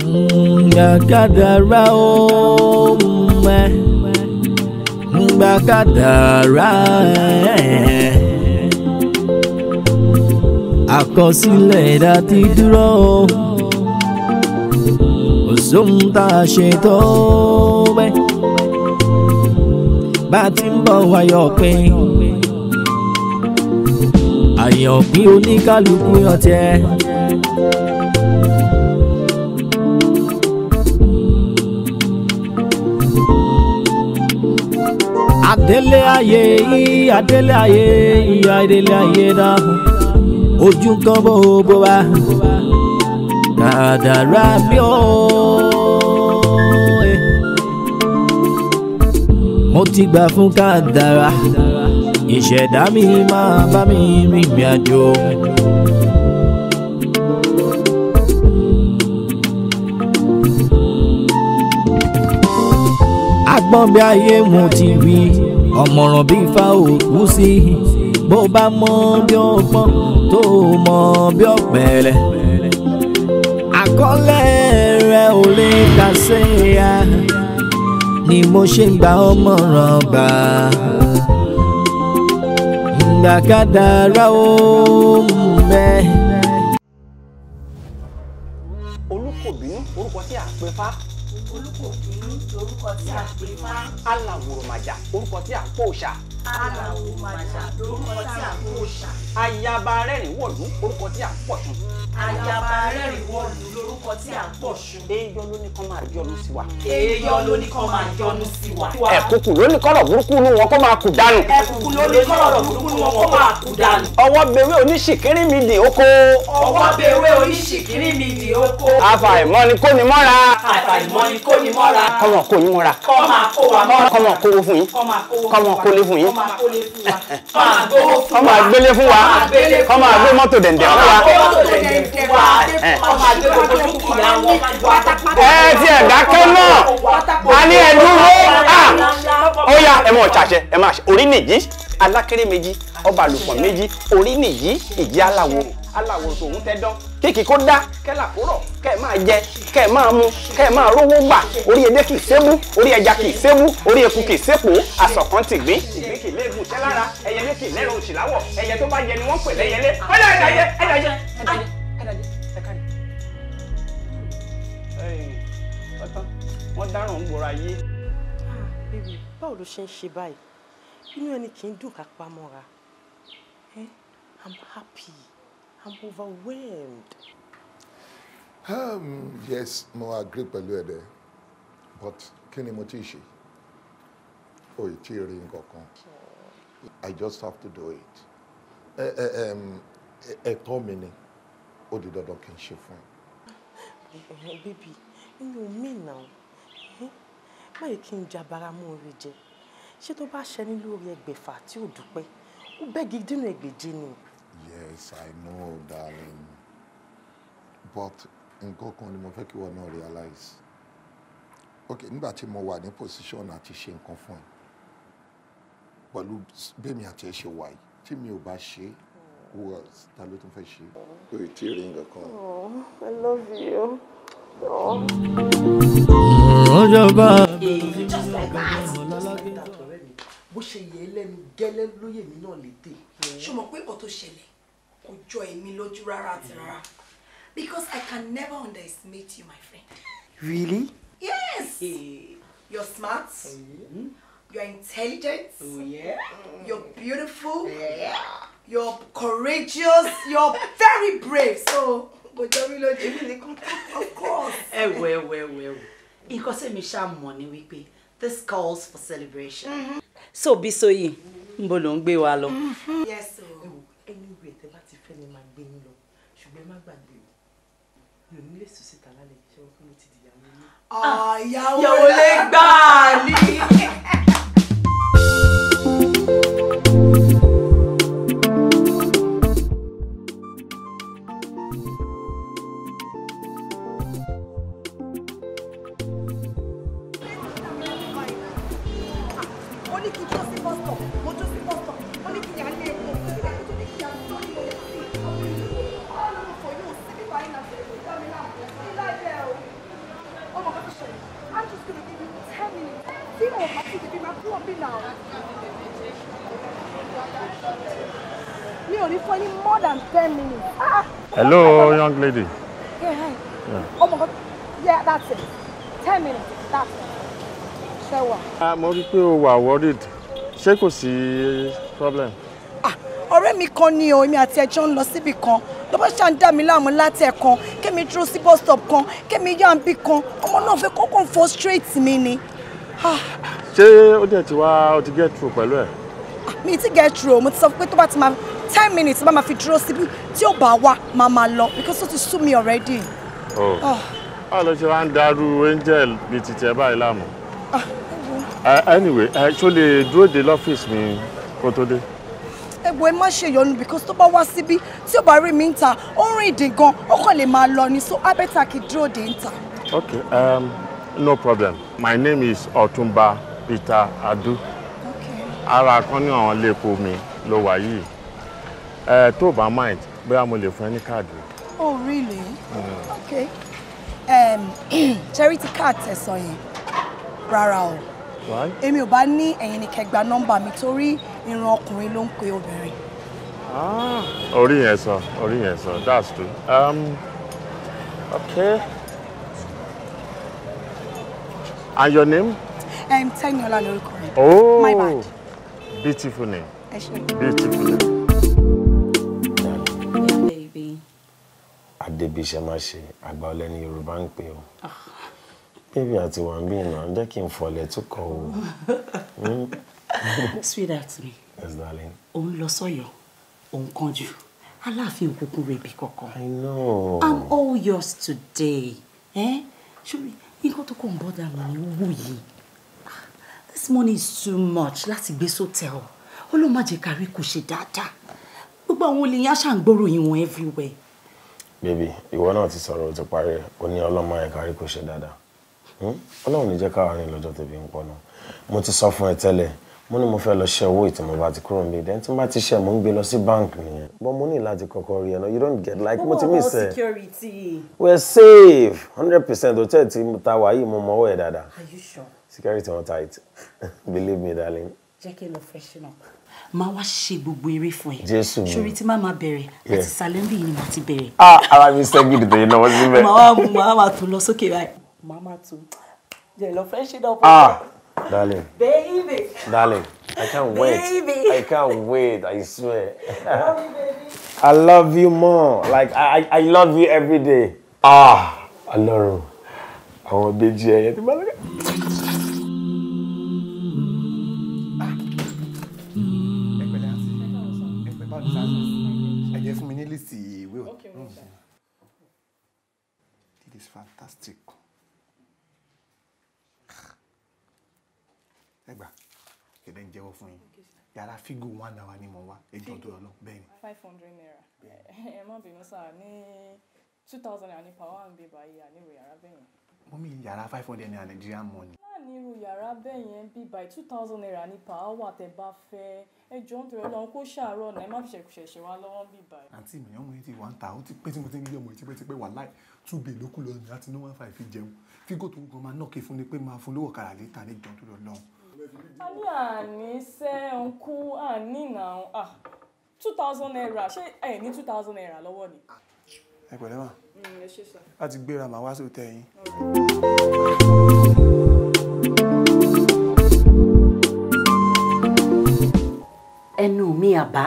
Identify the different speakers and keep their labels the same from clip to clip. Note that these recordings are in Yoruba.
Speaker 1: ngbàkàdàrà ó mẹ ngbàkàdàrà ẹ àkọsílẹ̀ ẹ̀dá ti dúró òṣùn tá a ṣe tó bẹ́ bá a ti ń bọ̀ wáyọ̀ pé àyànpín oníkálukú yọ̀tẹ̀. adélé ayé yìí adélé ayé yìí adélé ayé náà ojú kan bó bó wa kàdàrà mi ò. mo ti gbà fún kàdàrà ìṣẹ̀dá mi máa bá mi rìnrìn àjò. gbọ́n bí ayé wọn ti rí ọ̀mọ̀ràn bí ifá òkú sí bó bá mọ bí ọgbọ́n tó mọ bí ọ̀pẹ̀lẹ̀ àkọlé rẹ̀ ò lè kà sí ya ni mo ṣe gbà ọmọràn gbà gbàkádàrá ó ń bẹ́ẹ̀.
Speaker 2: alàwòròmàjà orúkọ tí à ń pò òòṣà. alàwòròmàjà orúkọ tí à ń pò òòṣà. ayaba rẹ́rìn-ín wọ̀lú orúkọ tí à ń pọ̀ tún. ayaba rẹ́rìn-ín wọ̀lú nǹkan tí à ń pọ̀ ṣu. èèyàn ló ní kán máa yọnu sí wa. èèyàn ló ní kán máa yọnu
Speaker 3: sí wa.
Speaker 4: ẹ̀kúkú ló ní kọ́rọ̀ burúkú nu wọn kó máa kú dànù. ẹ̀kúkú ló ní kọ́rọ̀ burúkú nu wọn kó máa
Speaker 3: kú dànù.
Speaker 2: ọwọ́ bewé oníṣìkírí mi dì oko. ọwọ́ bewé
Speaker 3: oníṣìkírí mi dì
Speaker 1: oko.
Speaker 2: àfàìmọ̀ ni kò ní mọ́ra. àfàìmọ̀
Speaker 3: ni kò ní mọ́ra. kọ́mọ
Speaker 2: kò ní mọ́ra. kọ́mọ kó wa mọ́ra. kọ́mọ kó fún yín.
Speaker 3: kọ́mọ kó lé fún yín.
Speaker 2: kọ́mọ gbélé fún wa. kọ́mọ gbé mọ́tò dẹ̀ndẹ̀ fún wa. kọ́mọ gbé mọ́tò dẹ̀ndẹ̀ fún wa. kọ́mọ gbé mọ́tò dẹ̀ndẹ̀ fún wa dúkìá wọn pátápátá. ẹ ti ẹ̀ dákẹ́ náà a ní ẹ dúró ó yá ẹ mọ̀ ṣàṣẹ ẹ máa ṣe orí nìyí alákéré méjì ọba àlùpọ̀ méjì orí nìyí ìjì aláwo aláwo tòun tẹ́ dán kéèkì kó dá kẹ́là kó rọ̀ kẹ́ máa jẹ kẹ́ máa mu kẹ́ ẹ̀ máa rówó gbà orí edé kì í sébú orí ẹja kì í sébú orí eku kì í sépò àsọ̀kan ti gbín ìgbín kì í léegun tẹ́ lára ẹyẹlé kì í lẹ́rùn òṣìláwọ̀ ẹyẹ tó bá jẹ ni wọ́n pè lẹ́yẹlé ẹ̀dá ẹ̀dá ẹ̀dá ẹ̀dá wọ́n dáràn ń gbọ́ra yé. Ah,
Speaker 4: bébì báwo ló ṣe ń ṣe báyìí inú ẹni kì í dùn ká pamọ́ra eh, i'm happy i'm overwhelmed.
Speaker 5: Um, yes mo agree pẹ̀lú ẹ̀ but kí ni mo ti ṣe o ì tí ì rí nǹkan kan i just have to do it ẹ̀tọ́ mi ni ó di dandan kí n ṣe fún ẹ.
Speaker 4: Eh, bébì inú mi náà má kí n jabara mú orí jẹ ṣé tó bá ṣẹni lórí ẹgbẹ̀fà tí ò dúpẹ́ ó bẹ́gi dínú ẹgbẹ̀je ni.
Speaker 5: yes i know darling but nǹkan kan ni mo fẹ́ kí wọ́n náà realize ok nígbà tí mo wà ní position àti ṣe nǹkan fún ẹ pẹ̀lú bẹ́ẹ̀mi àti ẹ ṣe wà yìí tí mi ò bá ṣe é ta ló tún fẹ́ ṣe. o ì tí ì rí nǹkan kan.
Speaker 6: Oh, i love
Speaker 5: you.
Speaker 1: Oh ọjọba
Speaker 3: bó ṣe yẹ lẹ́nu gẹ́lẹ́ lóyè mi náà létè. ṣùgbọ́n pé ọ̀tọ̀ ṣẹlẹ̀ kò jọ èmi lójú rárá àti rárá because I can never underestimate you my friend. Really? Yes! Hey. You're smart. Hey. Mm-hmm. You're intelligent. Oh, yeah. You're beautiful. Yeah. You're courageous. You're very brave. So, Bojori Loji, of course. Eh? Well, well, well nǹkan tí mi ṣàmọ̀ ni wípé this calls for celebration. Mm -hmm. so Bisoyi ń bo ló ń wa lọ.
Speaker 4: Mm-hmm. yes o. anyway tẹ bá ti fẹ́ ni máa gbé yín lọ ṣùgbọ́n ẹ má gbàgbé o mi ò ní lè sùn síta lálẹ́ ṣé wọ́n fún mi ti dìyàwó yín.
Speaker 3: ìyàwó lè gbà á ní.
Speaker 6: pé o wà worried ṣé kò sí problem.
Speaker 3: Ah, ọ̀rẹ́ mi kan ni o èmi àti ẹjọ́ ń lọ síbì kan ló bá ṣáà ń dá mi láàmú látẹ̀ kan kémi dúró sí bus stop kan kémi yá ń bì kan ọmọ náà fẹ́ kókó ń frustrate mi ni. Ah.
Speaker 6: ṣé ó dẹ̀ ti wá ó ti get through pẹ̀lú ẹ̀.
Speaker 3: Ah, mi ti get through mo ti sọ pé tó bá ti máa ten minutes bá máa fi dúró síbi tí ò bá wá máa máa lọ because ó ti sú mi already.
Speaker 6: Oh. báwo ló ṣe wá ń darú angel bíi titi ẹ báyìí láàmú. Uh, anyway actually, lè dúró de lọ́fíìsì mi kó tó dé.
Speaker 3: ẹ wo ẹ má ṣe yọnu because tó bá wá síbí tí ó bá rí mi ń ta ó ń rìn dín gan ó kàn lè máa lọ ni so abẹ́ta kì í dúró de ń ta.
Speaker 6: okay um, no problem my name is Ọ̀túnba Peter Adu okay. ara kan ní àwọn lẹ́kọ̀ọ́ mi ló wà yìí tó bá mind bóyá mo lè fún ẹ ní káàdì.
Speaker 3: oh really mm. okay um, charity card tẹ̀sán yẹn rárá o èmi ò bá ní ẹ̀yin ni kẹgbà nọ́mbà mi torí ìran ọkùnrin ló ń pe obìnrin.
Speaker 1: Ah,
Speaker 6: orí yẹn sọ orí yẹn sọ that's true. Um, okay. and your name.
Speaker 3: Um, Teniola lórúkọ
Speaker 6: mi. oh my bad. beautiful name. beautiful name. Adébíṣẹ́ má ṣe àgbà ọlẹ́ni Yorùbá ń pè ọ́. Ah. Baby, àti wàmbí náà jẹ́ kí n fọlẹ̀ tún kọ o. Hmm?
Speaker 3: sweetheart mi òun lọ sọ́yọ̀ òun kánjú aláàfin òkùnkùn rẹ̀ bí kọ̀ọ̀kan. I
Speaker 6: know. I'm all
Speaker 3: yours today. ṣùgbọ́n nǹkan tó kọ̀ ń bọ́dà mi ni wù yìí ah, this money is too much láti gbé sọ́tẹ̀ ọ́ ó ló má jẹ́ kárí kò ṣe dáadáa gbogbo àwọn olè yẹn aṣáà ń everywhere.
Speaker 6: Baby, ìwọ náà ti sọ̀rọ̀ o ti parí ẹ̀ o ní ọlọ́mọ ẹ̀ka rí kò ṣe dáadáa. Hmm? ọlọ́run ní jẹ́ káwa lọ́jọ́ tẹ̀bí ń pọnà mo ti sọ fún ẹ tẹ́lẹ̀ mo ní mo fẹ́ lọ ṣe owó ìtì bá ti kúrò níbi ìdẹ́ bá ti ṣe mo ń gbé lọ sí báǹkì nìyẹn but mo ní láti kọ́kọ́ rí ẹ náà you don't get like mo ti mí
Speaker 3: sẹ́
Speaker 6: we are safe hundred percent hotel tí ta wà yìí mo mọ owó ẹ̀ dáadáa security wọn tight believe me darling.
Speaker 3: jẹ́ kí n lọ freshen up máa wá ṣe gbogbo eré fún ẹ
Speaker 6: jésù mi sori
Speaker 3: tí máa máa bẹ̀rẹ̀ àti sàlẹ́ńbì yìí ni màá ti bẹ̀rẹ̀.
Speaker 6: Ah, ara mi sẹ́gi dìde yìí náà wọ́n síbẹ̀. màá
Speaker 3: màá wá tó lọ sókè báyìí. Mama too. Yeah, love friendship up. Ah,
Speaker 6: darling. Baby. Darling, I can't wait. Baby. I can't wait. I swear. Love you, baby. I love you more. Like I, I love you every day. Ah, I love you. I want máa lọ.
Speaker 2: Ẹ jẹ́
Speaker 7: fún It is fantastic. yàrá fígò one hour ni mo wá ẹjọ́ tó lọ bẹ́ẹ̀ ni.
Speaker 3: five hundred naira ẹ má bínú sáà ní two thousand naira ní power and bébà
Speaker 4: yìí àníwò yàrá bẹ́ẹ̀ yẹn. mo mi
Speaker 7: yàrá five hundred naira Nigerian money.
Speaker 3: láàánú irú yàrá bẹ́ẹ̀ yẹn bí by two thousand naira ní power wà tẹ́ bá fẹ́ ẹ jọ ń tọrọ lọ́wọ́ kó ṣàárọ̀ náà ẹ má fi ṣẹ̀ṣẹ̀ wá lọ́wọ́ bí by.
Speaker 7: àǹtí mi ọmọ yẹn ti wà ń ta ó ti pẹ́ tí mo ti ń gbé ọmọ yẹn ti pẹ́ ti pẹ́ wà láì two bay lókùn lọ́nà àti no one five fi jẹun fígò tó ń gan máa nọ́ọ̀kì fún ni pé máa fún lówó kàrà lẹ́tà ní ìjọ́ tó lọ́wọ́
Speaker 4: Ani ní àní sẹ́ ọ̀nkú àní two thousand
Speaker 3: naira ṣé ẹ ní two thousand naira lọ́wọ́ ni.
Speaker 7: ẹ pẹ̀lẹ́ mà mm, a ti gbéra màá wá sí òtẹ́ yín.
Speaker 3: ẹnu mi àbá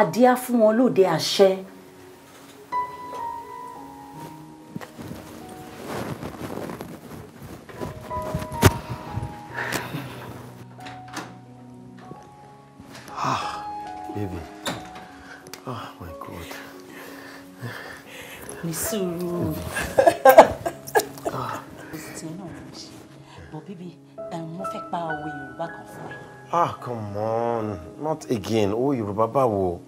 Speaker 3: adíá fún wọn lóde àṣẹ
Speaker 6: not again owó oh, yorùbá báwo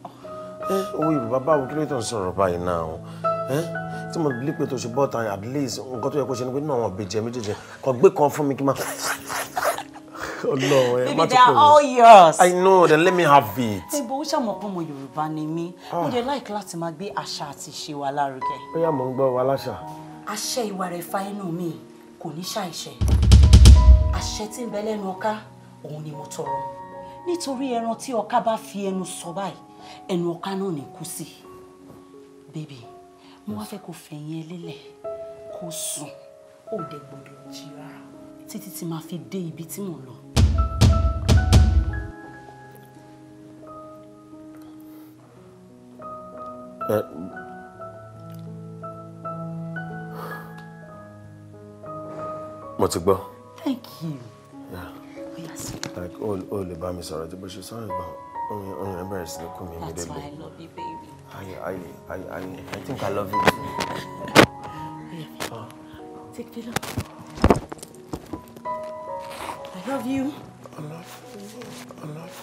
Speaker 6: eh, owó oh, yorùbá báwo kí ló tó ń sọ̀rọ̀ báyìí náà eh, tí mo lè pè tó ṣe bọ́ta at least nǹkan tó yẹ kó ṣe ni pé nínú àwọn ìbejì méjèèjì kan gbé kan fún mi kí n máa. Ọlọ́run ẹ Baby they are all yours. I know then let me have it.
Speaker 3: Ibo ó ṣàmọ̀ pé ọmọ Yorùbá ni mí. Mo ah. dẹ̀ láìkí láti máa gbé àṣà àti ìṣe wa lárugẹ. Bóyá mò ń gbọ́ wa láṣà. Àṣẹ ìwà rẹ̀ fa inú mi kò ní ṣàìṣe. Àṣẹ tí ń bẹ lẹ́nu ọká òun ni mo tọrọ nítorí ẹran tí ọká bá fi ẹnu sọ báyìí ẹnu ọká náà ní kú sí bébì mo wá fẹ́ kó fẹ̀yìn ẹ lélẹ̀ kó sùn ó dẹ̀ gbọ́dọ̀ jí rárá títí tí máa fi dé ibi tí mò ń lọ.
Speaker 6: mo ti gbọ́. thank you. Yeah like o ò lè bá mi sọ̀rọ̀ tí bó ṣe sọ̀rọ̀ gbọ́n orin orin ẹ̀ bẹ̀rẹ̀ that's why i love you baby. i i i i i think i love you yeah.
Speaker 3: oh. take pillow. i love you.
Speaker 1: i love you. i love you.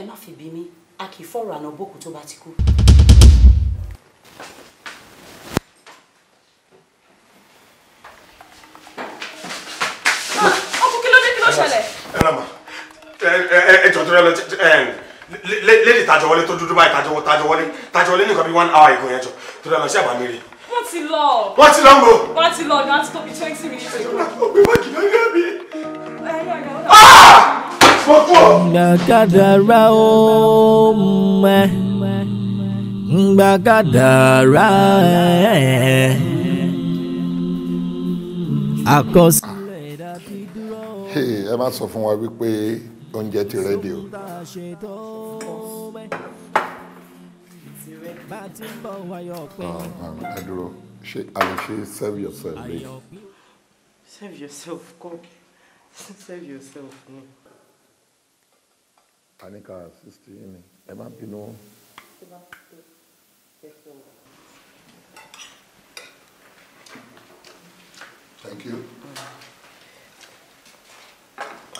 Speaker 4: ẹ má fi bí mi a kì í fọ̀rọ̀ àná bòkú tó bá ti kú. ọkùn kí wọlé
Speaker 7: tó dúdú báyìí tajọ wọlé tajọ wọlé nìkan bí one hour ago yẹn jọ tó rẹ sí àbámi rí. wọ́n ti lọ. wọ́n ti lọ ń bò.
Speaker 3: wọ́n ti lọ ni wọ́n ti tóbi twenty minutes ago. ọ̀gbìn wọ́n kì í lọ́ọ́ yẹ́ mi. ẹ̀yin ọ̀gá
Speaker 1: ọ̀gá gbàgádàrá ó mẹ́ gbàgádàrá ẹ̀ àkọsílẹ̀ ìdàtí dúró.
Speaker 5: ẹ má sọ fún wa wípé oúnjẹ ti rẹ́dí
Speaker 1: o. ẹ
Speaker 5: dúró ṣe àlè ṣe serve yourself babe.
Speaker 4: serve yourself come. serve yourself ni. Mm
Speaker 5: àníkà sixty ní ẹ má bínú. Thank you.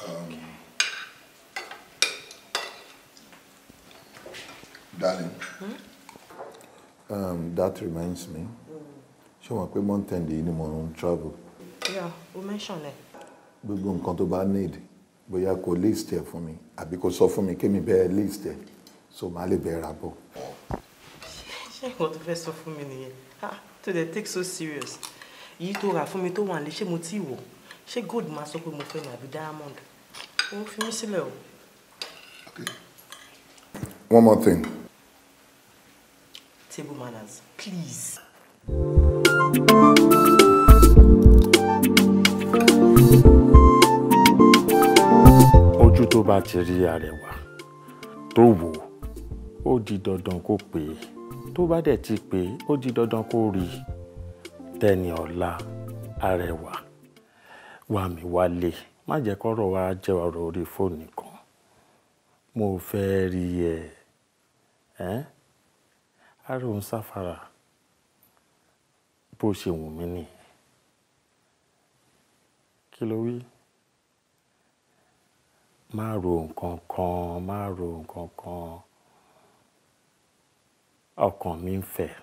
Speaker 5: Um, darling, hmm? um, that reminds me. Ṣé wọ́n pé mountain yìí ni mo ń travel?
Speaker 4: Yeah, we mentioned it.
Speaker 5: Gbogbo nǹkan tó bá need bóyá kò list ẹ̀ fún mi àbí kò sọ fún mi kémi bẹ́ẹ̀ list ẹ̀ so màá lè bẹ́ẹ̀ ra ṣé
Speaker 4: nǹkan tó fẹ́ sọ fún mi nìyẹn ah, tó dẹ̀ take so serious yìí tó rà fún mi tó wà lé ṣé mo ti wò ṣé gold máa sọ pé mo fẹ́ nà àbí diamond òun fi mí sílẹ̀ o. one more thing. table manners please.
Speaker 6: lójú tó bá ti rí arẹwà tó wò ó di dandan kó pè é tó bá dẹ̀ ti pè é ó di dandan kó rí i tẹ́ni ọ̀la arẹwà wà mí wálé má jẹ́ kọ́rọ̀ wa jẹ́ ọ̀rọ̀ orí fóònù kan mo fẹ́ rí ẹ ẹ́ àrùn sáfara bó ṣe wù mí nìyẹn kí ló wí má ro nǹkan kan, má ro nǹkan kan. Ọkàn mi ń fẹ́.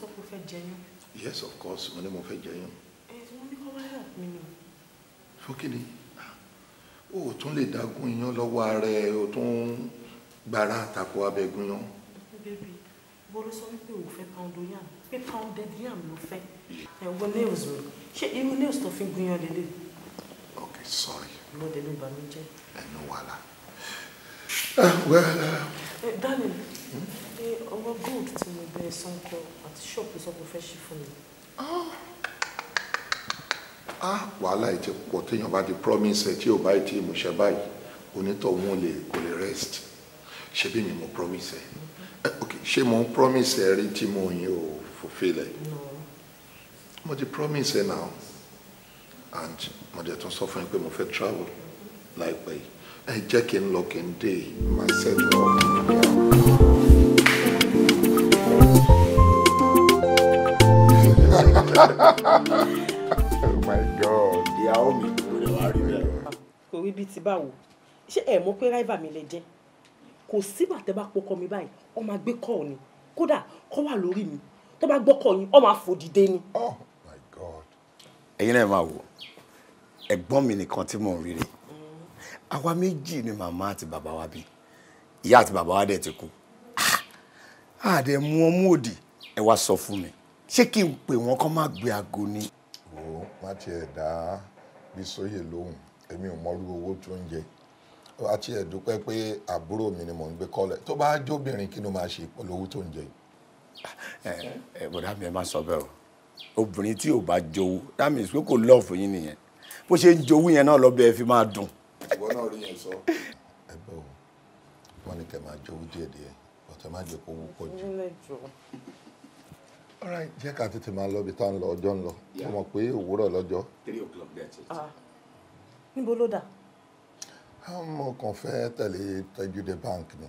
Speaker 4: sọ pé o fẹ́ jẹyàn.
Speaker 5: yes of course mo ní mo fẹ́ jẹyàn.
Speaker 4: ẹ tí wọ́n ní kọ́ wá help mi nù.
Speaker 5: fún kínní o ò tún lè dágún iyán lọ́wọ́ ara o tún gbàrà àtàkùn abẹ́gun yán. bébì bọ́lá sọ wípé o fẹ́ pound yam pé pounded yam ló fẹ́. ẹ wọ nails mi ṣé irú nails tó fi gúnyán lélẹ̀. ok sorry.
Speaker 4: lọ́dẹ ló bà mí jẹ́. ẹnu wàhálà. Ah, well. Uh, eh, Hmm? pé owó gold tí mo bẹ sanko àti ṣọ́ọ̀pù sọ pé fẹ́ ṣe fún mi. a oh.
Speaker 5: wàhálà ìtì pọ̀ téèyàn bá di promise tí ò bá ìtì ìmúṣẹ báyìí onítọ̀hún lè kò lè rest ṣe bí mi mo promise ẹ mm-hmm. ok ṣé mo ń promise ẹ rí tí mo yín o fulfill ẹ mo ti promise ẹ now and mo dẹ̀ tún sọ fún yín pé mo fẹ́ travel mm-hmm. láìpẹ́ yìí ẹ jẹ́ kí n lọ kí n dé máa ṣẹ́tù ọ̀hún.
Speaker 7: oh my god. ìyàwó mi kò lè wá rí
Speaker 4: bẹ́ẹ̀. kò rí bíi ti báwo ṣé ẹ mọ̀ pé ráìvà mi lè jẹ́ kò sígbà tẹ́ bá pọkọ mi báyìí ọ máa gbé kọ́ ọ ni kódà kọ́ wà lórí mi tó bá gbọ́kọ̀ yín ọ máa fò dìde ni. oh my god.
Speaker 7: ẹ̀yin náà máa wò ẹ̀gbọ́n mi nìkan tí mò ń rí rè àwa méjì ni màmá àti bàbá wa bí ìyá àti bàbá wa dẹ̀ ti kú àdẹ̀ ah, mú ọmú òdì ẹ wá sọ fún mi ṣé kí n pè wọ́n kó má gbé aago ni. o má tiẹ̀ dá Bísóyè lóhùn
Speaker 5: èmi ò mọrú owó tó ń jẹ àti ẹ̀dúpẹ́ pé àbúrò mi ni mò ń gbé kọ́lẹ̀ tó bá jóbìnrin kí ló máa ṣe pẹ̀lú owó tó ń jẹ.
Speaker 7: ẹ ẹ bọ̀dá mi ẹ má sọ bẹ́ẹ̀ o obìnrin tí ò bá jowó that means pé kò lọ́ọ̀fù yín nìyẹn bó ṣe ń jowú yẹn náà lọ́bẹ̀ ẹ fi máa dùn.
Speaker 5: ìwọ náà rí yẹn sọ. ẹ bọ wọn ní kẹ máa jowú díẹ̀ díẹ̀ má jẹ kó wú pọ̀ jù alright jẹ́ ká tètè máa lọ ibi tá à ń lọ ọjọ́ ń lọ mo mọ̀ pé òwúrọ̀ lọ́jọ́.
Speaker 7: three o'clock that's it. Ah.
Speaker 4: níbo ló dà.
Speaker 5: mo kàn fẹ́ tẹ̀lé Tajudé bank ni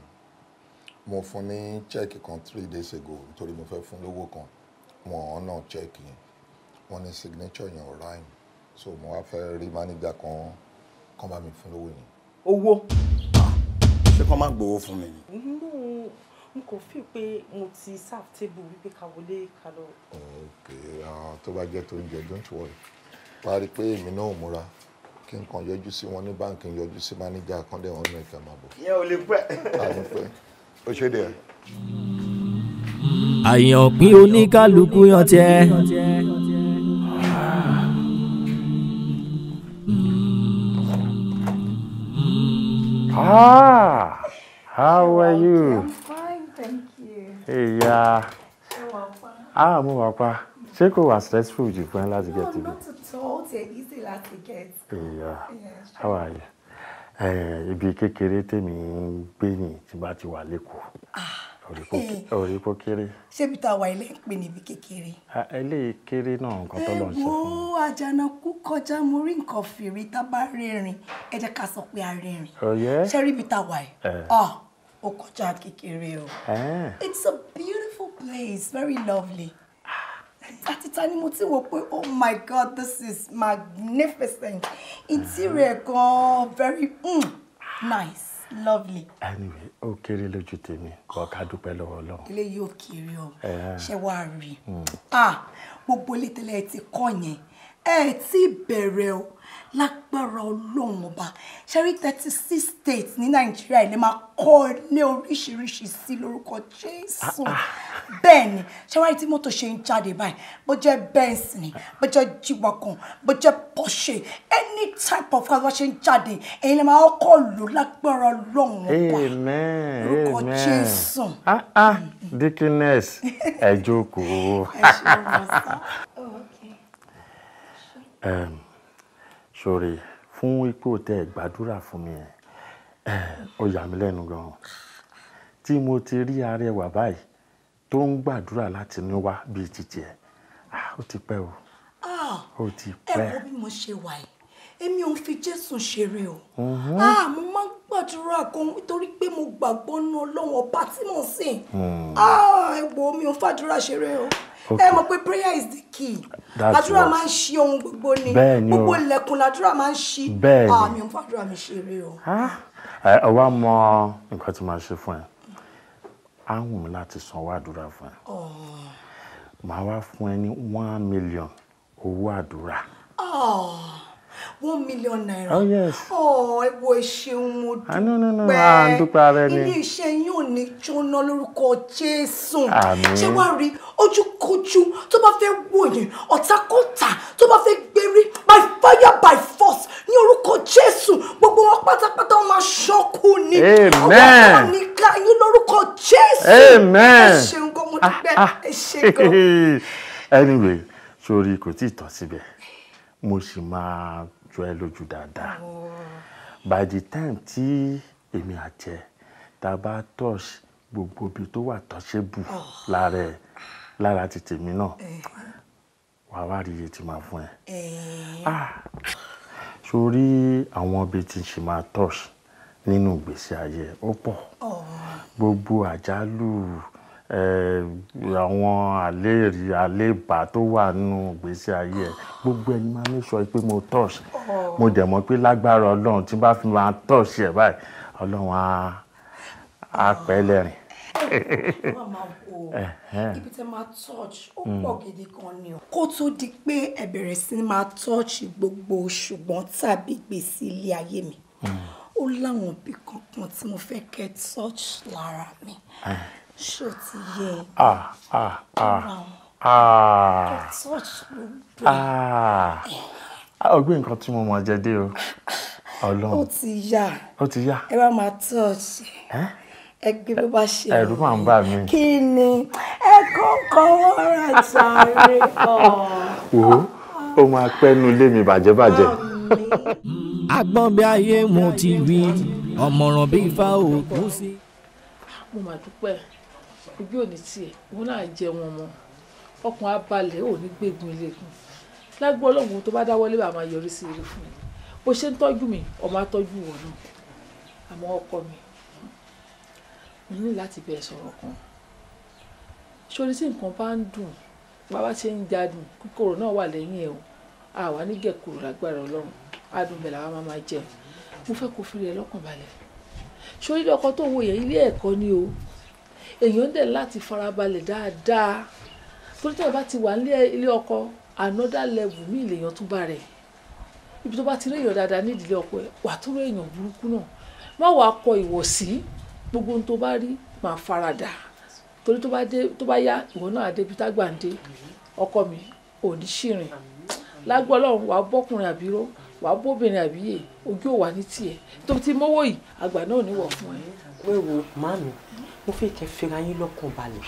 Speaker 5: mo fún ní chẹ́ẹ̀kì kan three days ago nítorí mo fẹ́ fún lówó kan wọn ò náà chẹ́ẹ̀kì yẹn wọ́n ní signature yẹn ò ráìmù so mo wá fẹ́ rí mánéjà kan
Speaker 7: kan bá mi fún lówó yẹn.
Speaker 2: owó ah.
Speaker 7: ṣé kán má gbowó fún mi ni.
Speaker 2: Mm-hmm
Speaker 4: n kò fi pé mo ti serve table wípé ká wọlé ká lọ.
Speaker 5: ok tó bá jẹ́ tó ń jẹ don't worry parí pé èmi náà múra kí n kàn yọjú sí wọn ní báǹkì yọjú sí mánéjà kan dẹ̀ wọ́n ní máa bọ̀.
Speaker 7: ìyẹn ò lè pẹ́. àmì pẹ́
Speaker 5: o ṣe dẹ̀.
Speaker 1: àyàn oníkálukú yan
Speaker 6: tiẹ̀. Ah, how are you?
Speaker 3: ìyá
Speaker 6: ah mo wà pa ṣé kò wà stressful jù fún ẹ láti get to me. no not
Speaker 3: at all it's easy láti get.
Speaker 6: ìyá how are you ibi kékeré tèmi ń gbé yìí tí bá ti wà lẹ́kọ̀ọ́ ah, orí kó eh. kéré.
Speaker 3: ṣébi tá a wà ilé ń pè níbi kékeré.
Speaker 6: eléyìí ah, kéré náà nǹkan tó lọ ń ṣe
Speaker 3: fún mi. ewu àjànàkú kọjá mo rí nǹkan fèrè tá a bá rẹ́rìn ẹ jẹ́ ká sọ pé a rẹ́rìn.
Speaker 6: Oh, ṣé rí ibi tá a wà yìí. Eh. Ah,
Speaker 3: ó kọjá kékeré o. Ah. It's a beautiful place, very lovely. Àti ta ni mo ti wò pé oh my God this is magnificent. Interior, ah. gan very mm, nice lovely.
Speaker 6: anyway ó kéré lójú tèmi kọ ká dúpẹ́ lọ́wọ́ Ọlọ́run.
Speaker 3: ilé yóò kéré o eh. ṣé wàá rí i hmm. ah, gbogbo ilé tẹ́lẹ̀ ti kọ́ yẹn ẹ ti bẹ̀rẹ̀ o lágbára ọlọ́run ọba ṣẹ́rí thirty six states ní nàìjíríà ilẹ̀ máa kọ́ ilé oríṣiríṣi sí lórúkọ jésù ah, ah. bẹ́ẹ̀ ni ṣẹ́wárí tí mọ́tò ṣe ń jáde báyìí bó jẹ́ benz ni bó jẹ́ jíwa kan bó jẹ́ porsche any type of car bó ṣe ń jáde èyí lè máa kọ́ lò lágbára ọlọ́run
Speaker 6: ọba lórúkọ jésù. Ah, dikines ẹ jókòó. ẹ ṣe é mọ sá. Um, sórí fún ipò tẹ́ ẹ̀ gbàdúrà fún mi ẹ̀ ó yà mí lẹ́nu gan-an tí mo ti rí arẹwà báyìí tó ń gbàdúrà láti inú wá bíi títì ẹ̀ ó ti pẹ́ o ah, ó ti pẹ́. ẹ wo
Speaker 3: bí mo ṣe wà yìí èmi ò fi Jésù ṣeré o mhm. ah, mo máa ń gbàdúrà gan nítorí pé mo gbàgbọ́ náà lọ́wọ́ ọba hmm. ah, ẹ wo mi ò fàdúrà ṣeré o ẹ mọ̀ pé prayer is the key àdúrà máa ń ṣí ohun gbogbo ni gbogbo ilẹ̀kùn làdúrà máa ń ṣí àmì ah, ò fàdúrà mi ṣeré o. Ah,
Speaker 6: ẹ wá mọ nǹkan tí màá ṣe fún ẹ á wù mí láti sanwó àdúrà fún ẹ oh. màá wá fún ẹ ní one million owó àdúrà.
Speaker 3: Oh one million naira. oh yes. Oh, ẹ wo ìṣeun mo dúpẹ́.
Speaker 6: Ah, no no no à ń dúpẹ́ ara ah, ẹni. ilé
Speaker 3: iṣẹ́ yín ò ní jóná lórúkọ Jésù. àmín. ṣé wàá rí ojúkojú tó bá fẹ́ wòye ọ̀tàkọ́tà tó bá fẹ́ gbérí by fire by force ní orúkọ Jésù gbogbo wọn pátápátá wọn máa ṣọ́kù ni. amen. ọ̀gá wọn ní yín lórúkọ Jésù. amen. ẹ gan mo ah, dúpẹ́ ẹ gan.
Speaker 6: anyway sori kò tí ì tọ́ síbẹ̀ mo sì máa jọ ẹ́ lójú dáadáa oh. by the time tí èmi àti ẹ tá a bá touch gbogbo ibi tó wà touchable oh. lára ẹ lára ti tèmi náà eh. wàá wá rí iye tí máa fún ẹ eh. ah. sórí àwọn ibi tí n ṣe máa touch nínú ìgbésí ayé ó pọ̀ oh. gbogbo àjálù. Oh àwọn àléèrí àléèbá tó wà nínú ìgbésí ayé ẹ gbogbo ẹni máa ní sọ pé mo tọ́ọ̀sì mo dẹ̀ mọ̀ pé lágbára ọlọ́run tí bá fi máa tọ́ọ̀sì ẹ̀ báyìí ọlọ́run á pẹ́ lẹ́rìn. ibi
Speaker 3: tẹ máa touch ó pọ̀ mm. gidi gan ni o. kó tó di pé ẹ bẹ̀rẹ̀ sí máa touch gbogbo ṣùgbọ́n tàbí gbèsè ilé ayé mi mm. ó láwọn òbí kankan tí mo fẹ́ kẹ́ touch lára mi.
Speaker 6: Ah ah ah ti yẹ ọgbẹ́ nǹkan tí mo mọ̀ jẹ dé o ọlọ́run how long? yá ó ti yá
Speaker 3: ẹ wá máa touch Huh? I give you ẹ gbé bó bá ṣe
Speaker 6: ẹ̀rù máa ń bà mí kí
Speaker 3: ni ẹ kọ́kọ́ rà sáré
Speaker 1: wò
Speaker 6: ó máa pẹ́nu lé mi bàjẹ́ bàjẹ́.
Speaker 1: agbọ́n bí ayé mo ti rí ọmọràn bí ifá òkú sí.
Speaker 8: mo máa dúpẹ́ ojú òní tiẹ̀ òun náà jẹ wọn mọ ọkàn abalẹ̀ òní gbégun iléegun lágbó ọlọ́run tó bá dáwọ́lé bá máa yọrí sí ire fún mi bó ṣe ń tọ́jú mi ọmọ atọ́jú wọn náà àmọ́ ọkọ mi mo ní láti bẹ̀rẹ̀ sọ̀rọ̀ kan ṣorí tí nǹkan bá ń dùn bàbá ṣe ń jadùn kòkòrò náà wà lẹ́yìn ẹ̀ o àwa nígẹ̀kùrù lágbára ọlọ́run adùn bẹ̀rẹ̀ àwa máa jẹun mo fẹ́ kó fi rẹ̀ lọ́kàn balẹ̀ ṣorí ọkọ tó wo ilé ẹ̀kọ́ ni o èèyàn dẹ̀ láti farabalẹ̀ dáadáa torí tí wọn bá ti wà nílé ilé ọkọ another level mi lèèyàn tún bá rẹ̀ ibi tó bá ti rí èèyàn dáadáa ní ìdílé ọkọ ẹ wà tó rí èèyàn burúkú náà má wàá kọ ìwọ̀sí gbogbo ohun tó bá rí máa faradà torí tó bá dé tó bá yá ìwọ náà débi tágbà ń dé ọkọ mi ò ní ṣìrìn lágbó wàá bọ́kùnrin àbíró wàá bóbìnrin àbíyè
Speaker 4: ojú ò wà ní tiẹ̀ tó ti mọ́wọ́ yìí àgbà náà níwọ̀ fún ẹ. wẹ́wo màmí mo fẹ́ kẹ́ fira yín lọ́kàn balẹ̀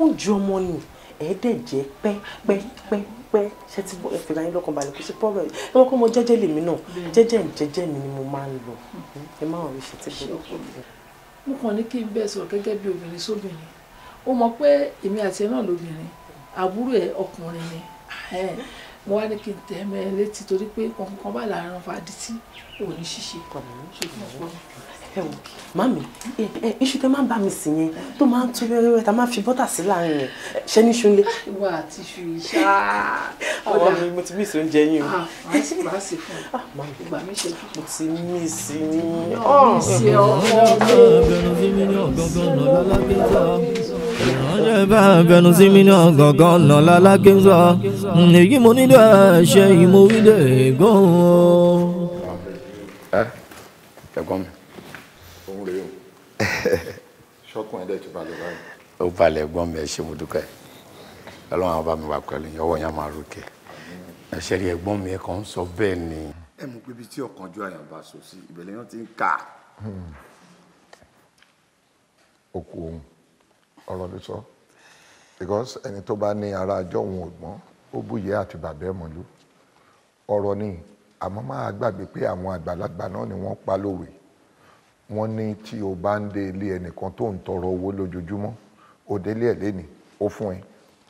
Speaker 4: oúnjẹ ọmọ ni ẹ̀ẹ́dẹ̀jẹ́ pẹ́pẹ́pẹ́ ṣe ti fira yín lọ́kàn balẹ̀ kò sí pọ́ọ̀rọ̀ yìí ẹ wọ́n kọ́ mọ jẹ́jẹ́ lèmi náà jẹ́jẹ́ jẹ́jẹ́ mi ni mo máa ń lọ hmm. ẹ má wọ̀n mi ṣe ti bọ̀.
Speaker 8: mo kàn ní kí n bẹ́ẹ̀ sọ̀rọ̀ gẹ́gẹ́ bí obìnrin sóbìnrin ó mọ pé èmi àti ẹ náà lóbìnrin àbúrò ẹ ọkùnrin ni mo wá ní kí n tẹ ẹ mẹ́rin létí torí pé kọ̀ọ̀kan bá làárọ̀ fàdí sí
Speaker 4: òní ṣíṣe ṣùgbọ́n ẹ wò mami iṣu tẹ máa ń bá mi sìn yẹn tó máa ń tó wẹ́rẹ́wẹ́ tá a máa fi bọ́tà sí láàrin yẹn ṣe ní ṣúlẹ̀. wà á ti ṣu iṣá. àwọn mi mo ti mí ìsìn oúnjẹ yín o. Ah, màá sì fún un ah, ìgbà mo ti mí ìsìn yín. ìṣe
Speaker 1: bá bẹnu sí mi ní ọ̀gọ̀ngàn ọ̀nà lálágbèsọ èyí mo nílò ẹ̀ ṣe ìmọ̀ orílẹ̀ ègbọ́n
Speaker 5: ṣọkùn ẹ̀dẹ̀ ti balẹ̀ báyìí.
Speaker 7: ó balẹ̀ gbọ́n mi ẹ ṣé mo dúpẹ́ ọlọ́run àwọn bá mi wà pẹ̀lú yín ọwọ́ yẹn máa rókè ẹ̀ṣẹ̀ rí ẹ̀gbọ́n mi ẹ kàn ń sọ bẹ́ẹ̀ ni. ẹ mú pé ibi tí ọ̀kanjú àyàn bá sọ sí ìbẹ̀lẹ̀ yẹn ti ń kà.
Speaker 5: okù hmm. ohun ọ̀rọ̀ ló sọ because ẹni tó bá ní ara àjọ òun ògbọ́n ó búyẹ́ àti bàbá ẹ̀ mọ́lú ọ̀rọ̀ ni àmọ́ máa gbàgbé pé àwọn àgbàlagbà náà ni wọ́n pa lówe wọ́n ní tí o bá ń dé ilé ẹnìkan tó ń tọrọ owó lójoojúmọ́ o délé ẹ̀ lẹ́nìí ó fún ẹ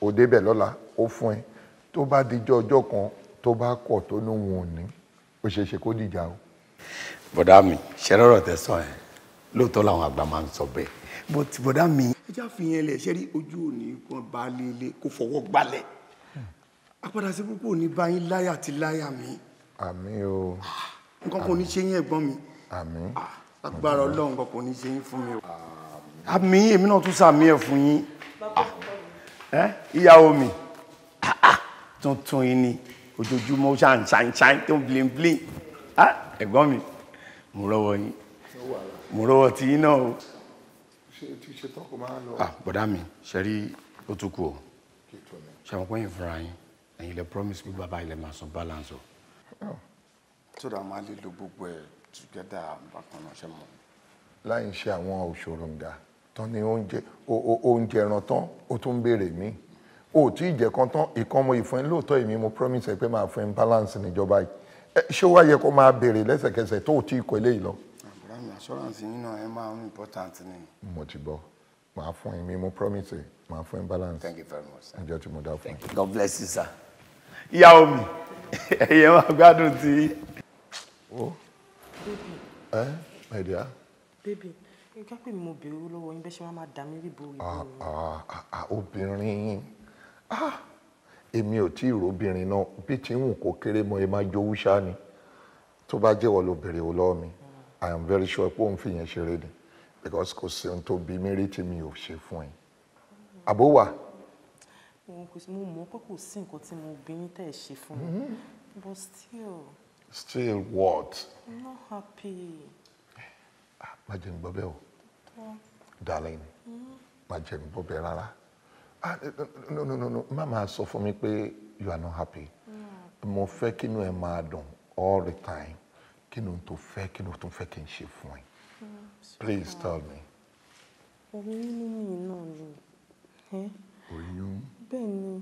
Speaker 5: o débẹ̀ lọ́la ó fún ẹ tó bá dijọ́ ọjọ́ kan tó bá kọ̀ tó ní òun ò ní ó ṣeé ṣe kó dìjà
Speaker 7: o. bọ̀dá mi ṣe rọ̀rọ̀ tẹ sọ ẹ lóòótọ́ làwọn àgbà máa ń sọ bẹ́ẹ̀ but bọ̀dá mi. ẹ já fi yẹn lẹ̀ ṣe rí ojú òní kan bá lé ilé kó fọwọ́ gbalẹ̀ apádà sí púpọ̀ ní bá yín láyà àti láyà mi. àmín o. Ah, nǹkan kan ní ṣe yín ẹ̀gbọ́n mi. àmín. Ah agbára ọlọ́run kan kò ní ṣe yín fún mi o. àmì èmi náà tún sàmì ẹ̀ fún yín ìyàwó mi ah, ah, tuntun yìí ni ojoojúmọ́ ṣàn ṣàn ṣàn tó ń blin blin ẹ̀gbọ́n mi mo rọwọ́ yín mo rọwọ́ tí yín náà o. Ah, bọ̀dá mi ṣe ó tún kù o ṣe àwọn pẹ́yìn fúnra yín ẹ̀yin lè promise pé bàbá ilẹ̀ máa san balance o. sọ́dọ̀ a máa lè lo gbogbo ẹ̀ together bákan náà ṣe mọ̀. láì ń ṣe àwọn òṣòròǹgà
Speaker 5: tán ni oúnjẹ oúnjẹ ẹran tán ó tún béèrè míì o tí ì jẹ́ kan tán ìkan mo ìfún ẹ lóòótọ́ èmi mo promise ẹ pé máa fún ẹ balance níjọba yìí ṣé ó wá yẹ kó máa béèrè lẹ́sẹ̀kẹsẹ̀ tó o tí ì kọ eléyìí lọ.
Speaker 7: àbúrò mi assurance yín náà ẹ máa ń important ni. mo ti
Speaker 5: gbọ́ màá fún ẹ mi mo promise ẹ fún ẹ balance. thank you very much sir. ọjọ́ tí mo dá fún ẹ. God
Speaker 7: bless you sir. ìyàwó mi ẹ̀yẹ́ máa gbádùn tí. Baby. Eh, my dear.
Speaker 4: Baby, nǹkan pè mí mo bèrè owó lọ́wọ́ yín bẹ́ẹ̀ ṣe máa máa dà mí ríbo ìbò. Ah, ah,
Speaker 5: ah, obìnrin èmi ò tí ì róbìnrin náà bí tí ń wù kó kéré mọ́ ẹ máa jowú ṣá ni tó bá jẹ́wọ́ ló bèrè owó lọ́wọ́ I am very sure pé òun fìyẹn ṣeré ni because kò sí ohun tó bí mi rí tí mi o ṣe fún ẹ. Hmm. Àbó wà.
Speaker 4: Mo mọ̀ pé kò sí nǹkan tí mo bí yín tẹ̀ mm-hmm. but still.
Speaker 5: Still what?
Speaker 4: I'm not happy.
Speaker 5: Má jẹ́ n gbọ́ o. Darling, má jẹ́ n gbọ́ bẹ́ẹ̀ ah, eh, eh, No, no, no, no, má máa sọ fún mi pé you are not happy. Mm. Mo fẹ́ kí inú ẹ máa dùn all the time. Kí ni tó fẹ́ kí ni tó fẹ́ kí n ṣe fún ẹ? Please mm. tell me.
Speaker 4: Oyún nínú iná ni. Eh? Oyún. Bẹ́ẹ̀ ni,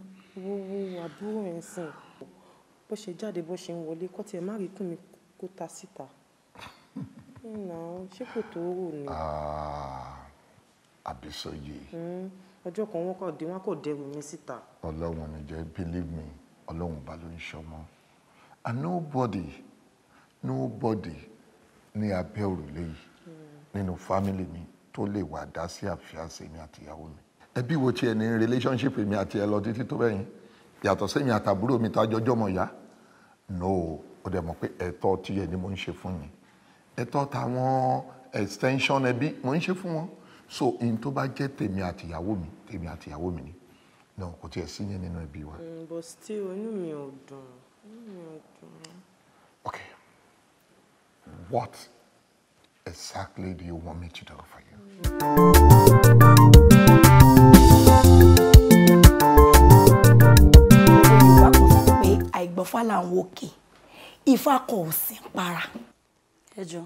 Speaker 4: wo wo àbúrò ẹ̀ sìn bó ṣe jáde bó ṣe ń wọlé kọ́ tiẹ̀ má rí kún mi kó ta síta. ìnà ṣé kò tó rò ni. Ah,
Speaker 5: àbísọyè.
Speaker 4: Hmm, ọjọ́ kan wọ́n kàn dé wọ́n kò dẹrù mi síta.
Speaker 5: ọlọ́run ni jẹ́ believe me ọlọ́run bá ló ń ṣọmọ and nobody nobody ní abẹ́ òrùlé yìí hmm. nínú fámìlì mi tó lè wà dá sí àfíàsí mi àtìyàwó mi ẹbí wo tiẹ̀ ní relationship mi àti ẹ lọ títí tó bẹ́yìn yàtọ̀ sẹ́yìn àtàbúrò mi tá a mọ̀ yá no ó dẹ̀ mọ̀ pé ẹ̀tọ́ tiẹ̀ ni mo ń ṣe fún yín ẹ̀tọ́ táwọn extension ẹbí mo ń ṣe fún wọn so n tó bá jẹ́ tèmi àtìyàwó mi tèmi àtìyàwó mi ni náà kò tiẹ̀ sí yẹn nínú ẹbí
Speaker 4: wa. Mm, but still inú mi ò dùn inú mi ò dùn. ok
Speaker 5: what exactly do you want me to do for you. Mm -hmm.
Speaker 3: ẹ̀gbọ́n fàlàwọn òkè ifá kọ òsín para. ẹ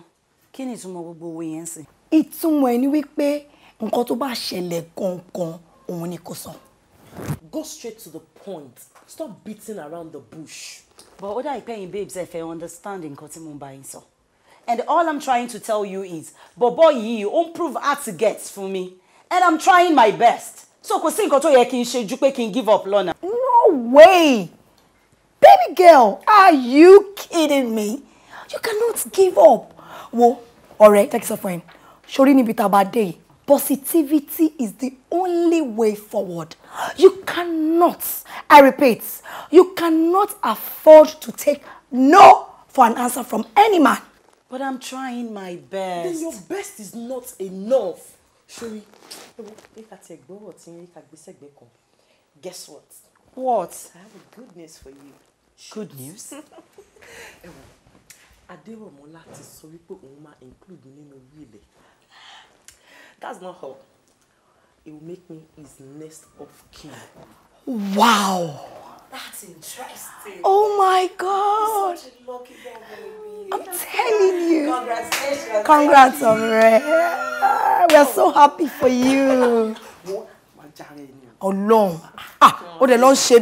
Speaker 3: kí ni ìtumọ̀ gbogbo owó yẹn ń ìtumọ̀ ẹ wípé nǹkan tó bá ṣẹlẹ̀ gangan òun ni kò sọ. go straight to the point stop beating around the bush. but ó dà ìpẹ́yìn babes ẹ fẹ́ understand nǹkan tí mo ń bá yín sọ. and all i'm trying to tell you is bọ̀bọ̀ yìí ó ń prove hard to get fún mi and i'm trying my best so kò sí nǹkan tó yẹ kí n ṣe ju pé kí n give up lọ́nà. no way baby girl are you kidding me you cannot give up Well, ọ̀rẹ́ jẹ́ kí n sọ fún ẹ sori níbi a bá dé yìí positivity is the only way forward you cannot i repeat you cannot afford to take no for an answer from any man.
Speaker 4: but i'm trying my best. then your best is not enough. sori eka ti ẹgbọrọ ti eka gbèsè gbẹ kan guess what. what i have a good news for you good news. ẹ wò ti sọ wípé òun máa include nínú wíìlì that's not all he will make me his next of kin. wow.
Speaker 3: That's interesting. Oh my God. Such a lucky
Speaker 6: I'm telling you. Congratulations. Congrats, Omre.
Speaker 3: We are so happy for you. Oh Ọlọ́run. Ah, Oh dẹ̀ lọ ń ṣe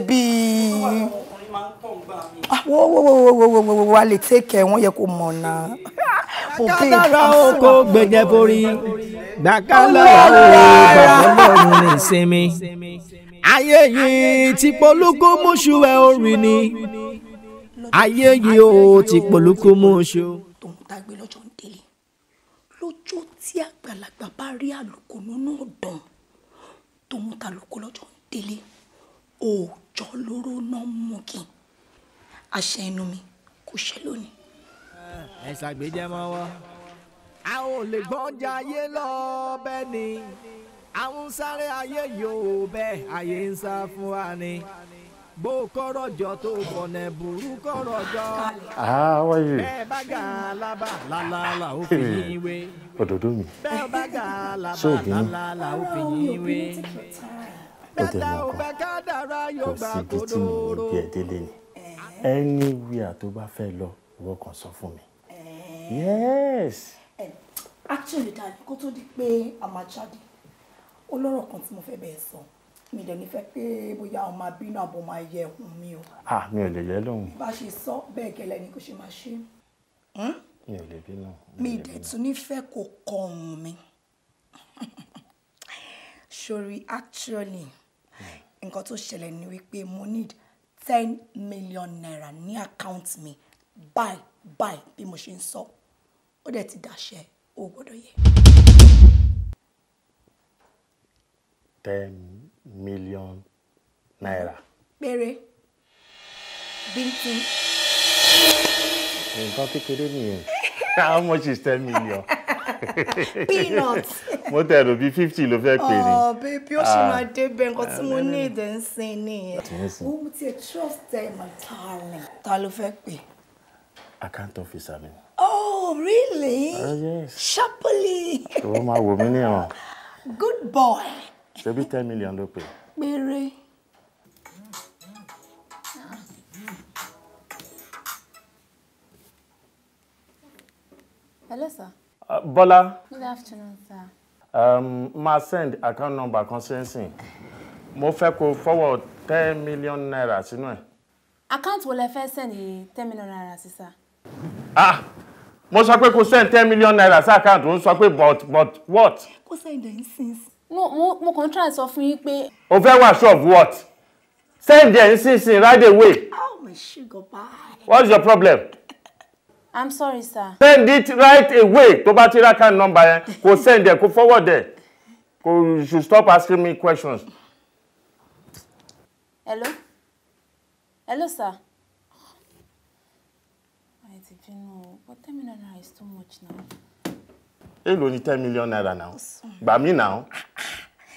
Speaker 3: máa ń pọ̀ gbà mí. wo wo wo wo wo wo wo wa lè tẹ́kẹ̀ wọ́n yẹ kó mọ̀
Speaker 1: náà. kátàrà oko gbẹ̀jẹ̀ borí gbàkálà oko bàbọ́lọ́run ní ìsinmi. ayé yìí ti polúkú múṣu ẹ̀ orí ni ayé yìí ó ti polúkú múṣu. tòun tá a gbé lọ́jọ́ ń délé
Speaker 3: lọ́jọ́ tí àgbàlagbà bá rí àlùkò nínú ọ̀dàn tòun tá a lòkó lọ́jọ́ ń délé àjọ olóró
Speaker 1: náà mú kí àṣẹ inú mi kò ṣe lónìí. ẹ ṣàgbéjẹ mọ wọ a ò lè gbọ́njẹ ayé lọ bẹ́ẹ̀ ni àwọn sáré ayé yòó bẹ́ẹ̀ ayé ń sá fún wa ni bó kọ́rọ̀ jọ tó bọ̀nẹ̀ burú kọ́rọ̀ jọ.
Speaker 6: Ah, bẹ́ẹ̀
Speaker 1: bá ga alábà lálálà ó fi yín ìwé. Eh, òdòdó mi. bẹ́ẹ̀ bá ga alábà lálálà ó fi yín ìwé ó tẹ̀ kò sí
Speaker 6: ibi tí mi ò bí ẹ délé ni anywhere tó bá fẹ́ lọ ìwọ kan sọ fún mi. yes.
Speaker 3: actually dad kó tó di pé a máa jáde ọlọ́rọ̀ kan tí mo fẹ́ bẹ́ẹ̀ sọ mi dẹ̀ ní fẹ́ pé bóyá ọmọ abínú àbọ̀ máa yẹ ohun mi o.
Speaker 6: ah mi ò lè yẹ lóhùn.
Speaker 3: bá a ṣe sọ bẹ́ẹ̀ gẹ́lẹ́ ni kò ṣe máa ṣe. Hm?
Speaker 6: mi ò lè bínú. mi dẹ̀
Speaker 3: tún nífẹ̀ẹ́ kò kọ ohun mi. sorry actually Mm. nǹkan tó ṣẹlẹ̀ ni wípé mo need ten million naira ní account mi buy buy bí mo ṣe ń sọ ó dẹ̀ ti dàṣẹ ó gbọ́dọ̀ yẹ.
Speaker 6: ten million naira.
Speaker 3: péré bíntín.
Speaker 6: nǹkan kékeré nìyẹn how much is ten million. peanuts. mo tẹ ẹ̀rọ bíi fifty ló fẹ́ pè ní. ọ̀ bẹ́ẹ̀ bí ó ṣe máa ah.
Speaker 3: dé bẹ́ẹ̀ nǹkan tí mo ah, ní èdè ń sin nìyẹn. mo mú tiẹ̀ trust ẹ̀ mà tààlẹ̀. ta ló fẹ́ pè.
Speaker 6: account officer mi.
Speaker 3: oh really. Uh, yes. sharply.
Speaker 6: ìwọ máa wò mí ní ìràn.
Speaker 3: good boy.
Speaker 6: ṣebí ten million ló pè.
Speaker 3: péré.
Speaker 8: Hello, sir. Uh, Bọ́lá. Good afternoon, sir.
Speaker 6: Um, máa send account number kan Mo fẹ́ kó forward ten million naira sínú ẹ̀.
Speaker 8: Account wo lẹ fẹ́ send yìí ten million naira si sir?
Speaker 6: Ah! Mo sọ pé kó send ten million naira sí account, ó sọ pé but but what?
Speaker 8: Kó send the nísinsìnyí. No, mo mo contract try sọ fún yín pé.
Speaker 6: O fẹ́ wá shop what? Send the nísinsìnyí right away.
Speaker 3: Oh my sugar pie.
Speaker 6: What's your problem?
Speaker 3: I'm sorry, sir.
Speaker 6: Send it right away. To bá ti ra number yẹn, kò send there. Go forward there. Kò you should stop asking me questions.
Speaker 3: Hello?
Speaker 8: Hello, sir. I didn't know, but 10 million
Speaker 3: naira is too much now.
Speaker 6: Hello, ni 10 million naira now? But me now.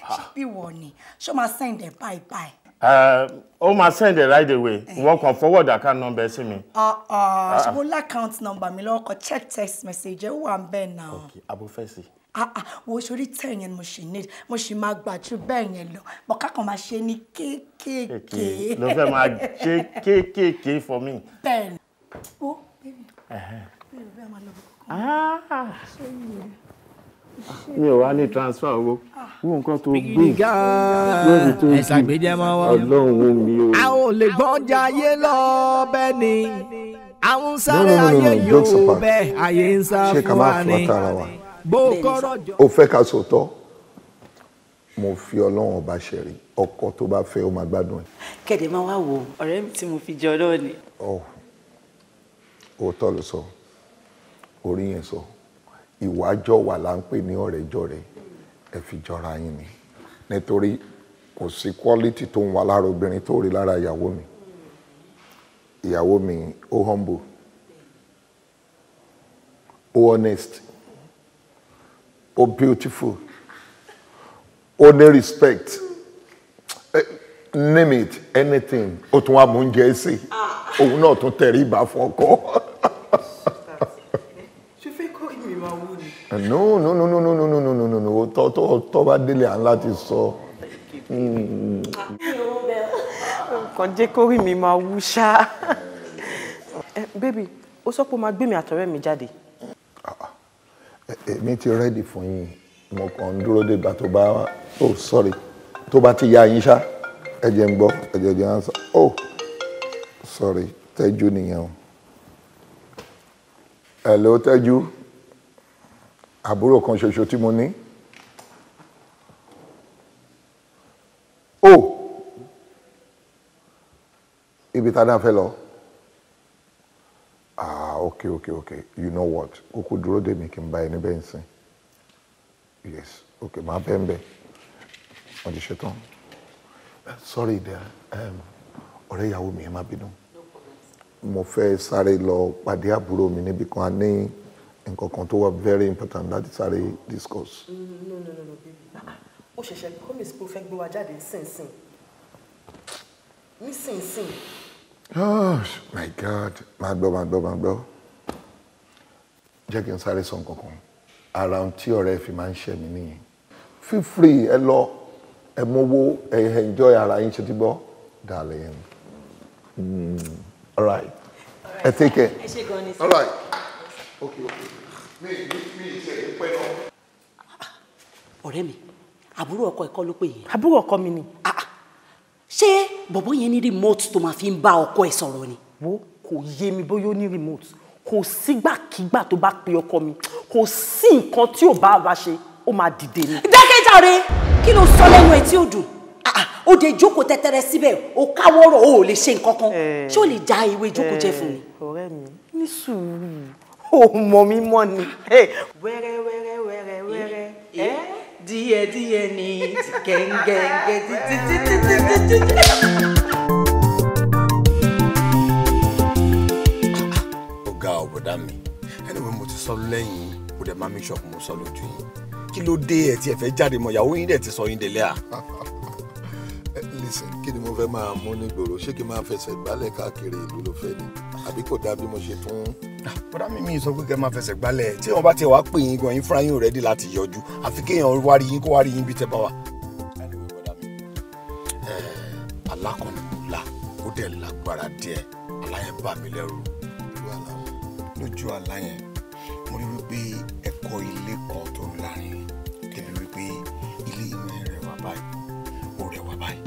Speaker 3: Ṣé be warning. ni? Ṣé send there. Bye bye.
Speaker 6: Oh uh, my send it right away eh. wọ́n kàn forward account number see me. sí mi.
Speaker 3: Uh, uh, ah, ah. ṣùgbọ́n account number Me mi lọ́kọ̀ check text message ó wà ń bẹ́ẹ̀ náà. ok abofẹ́sì ah ah wo sori ten yẹn mo ṣì need mo ṣì máa gbà ju bẹ́ẹ̀ yẹn lọ mo kákan máa ṣe ní kéékèèké. ló fẹ́ máa ṣe
Speaker 6: kéékèèké for me.
Speaker 3: bẹ́ẹ̀ ni ó
Speaker 6: bẹ́ẹ̀
Speaker 3: ni bẹ́ẹ̀ máa lọ bí
Speaker 1: kókó
Speaker 6: mi ò wá ní transfer owó wo nǹkan tó gbé lórí tó gbé ọlọ́run mi o. a
Speaker 1: ò lè gbọ́njà ayé lọ bẹ́ẹ̀ ni àwọn ń sáré ayé yóò bẹ́ẹ̀ ayé ń sá fún wa ni bó kọ́rọ̀ jọ.
Speaker 5: o fẹ́ ká sòótọ́ mo fi ọlọ́run ọba ṣẹ̀rí ọkọ tó bá fẹ́ ó máa gbádùn ẹ̀.
Speaker 1: kẹ̀dẹ̀ máa wá wo
Speaker 3: ọ̀rẹ́ mi tí mo fi jọ náà ni.
Speaker 5: ọ̀ oh, òótọ́ ló sọ orí yẹn sọ. So ìwájọ wà là ń pè ní ọ̀rẹ́jọ̀rẹ́ ẹ fi jọra yín ni nítorí kò sí quality tó ń wà lára obìnrin tó rí lára ìyàwó mi ìyàwó mi ó humble ó honest ó beautiful ó ní respect name it anything ó tún wá mú oúnjẹ sí ah. òun náà tún tẹrí ìbá fún ọkọ. no no no no no no no no no no no tọ́ tọ́ tọ́ bá
Speaker 4: délé à ń láti sọ. kàn jẹ́ kó rí mi máa wú ṣá. bébì ó sọ pé ó máa gbé mi àtọ̀rẹ́ mi jáde. Ah,
Speaker 5: ah. E, èmi ti rẹ́dì fún yín mo kàn ń dúró dé ìgbà tó bá oh sorry tó bá ti ya yín ṣá ẹ jẹ́ ń gbọ́ ẹ jẹ́ jẹ́ answer oh sorry tẹ́jú nìyẹn o. hello tẹ́jú àbúrò kan ṣoṣo tí mo ní o ibi tá a lọ ah okay okay okay you know what kókó dúró dè mí kí n bá ẹ níbẹ̀ nsìn yes okay màá bẹ́ẹ̀ bẹ́ẹ̀ wọ́n ti ṣetán sorry there ọ̀rẹ́ ìyàwó mi ẹ má bínú mo fẹ́ sáré lọ pàdé àbúrò mi níbi kan a ní nǹkan kan tó wà very important láti sáré discuss.
Speaker 4: Mm, no no no no baby ó ṣẹ̀ṣẹ̀ promise pé ó fẹ́ gbé wa jáde sínsìn nísinsìn.
Speaker 5: oh my god máa gbọ́ máa gbọ́ máa gbọ́ jẹ́ kí n sáré sọ nǹkan kan ara ohun tí ọ̀rẹ́ fi máa ń ṣẹ̀ mí nìyẹn feel free ẹ lọ ẹ mówó ẹ enjoy ara yín ṣe ti gbọ́ darling mm. all right ẹ take care all right ok ok mi mi mi ìṣe ìpẹ́ lọ.
Speaker 4: ọ̀rẹ́ mi àbúrò ọkọ ẹ̀kọ́ ló pè yẹn. àbúrò ọkọ mi ni. Ah, ah. ṣé bọ̀bọ̀ yẹn ní remote tó máa fi ń bá ọkọ ẹ̀ sọ̀rọ̀ ni. wo kò yé mi bóyá ó ní remote kò sígbàkigbà tó bá pe ọkọ mi kò sí nǹkan tí ò bá wa ṣe ó máa dìde ni. dákẹ́ jàre kí ló sọ lẹ́nu ẹ̀ tí ò dùn ah, ó de jókòó tẹ́tẹ́rẹ́ síbẹ̀ ó káwọ́rọ̀ ó lè ṣe nǹkan kan eh. ṣé ó lè já ewé jókòó jẹ fún mi. Eh, ọ̀rẹ́ mi ní sùúrù ò mọ mi mọ ni. wẹ́rẹ́ wẹ́rẹ́ wẹ́rẹ́ wẹ́rẹ́ eh, eh, ẹ́ díẹ̀
Speaker 3: ni gẹ́ngẹ́ngẹ́ títí
Speaker 7: ọ̀gá ọ̀bọ̀dá mi ẹni wo mo ti sọ lẹ́yìn kò dẹ̀ máa mi ṣọ̀kùn mo sọ lójú yìí kí ló dé ẹ̀ tí ẹ fẹ́ jáde mọ́ ìyàwó yín dẹ̀ ti sọ yín délé à. Eh, kí ni mo fẹ́ máa mú nígboro ṣé kí n máa
Speaker 5: fẹsẹ̀ gbálẹ̀ káàkiri ìlú ló fẹ́ ni àbí kò dáa bí mo ṣe tún.
Speaker 7: Ah, bọ́dá mi mi sọ pé kẹ́ máa fẹsẹ̀ gbálẹ̀ tí wọ́n bá tiẹ̀ wá pè yín gan yín fúnra yín rẹ́dí láti yọjú àfi kéèyàn wá rí yín kó wá rí yín bí tẹ́ bá wà. Eh, alákọ̀ọ́nùlá ó dẹ̀ lágbára díẹ̀ aláyẹn bà mí lẹ́rù lójú àlá yẹn mo rí wípé ẹ̀kọ́ ilé kan tó ń lárin débi wípé ilé inú ẹ̀ rẹwà báyìí ó rẹwà báyìí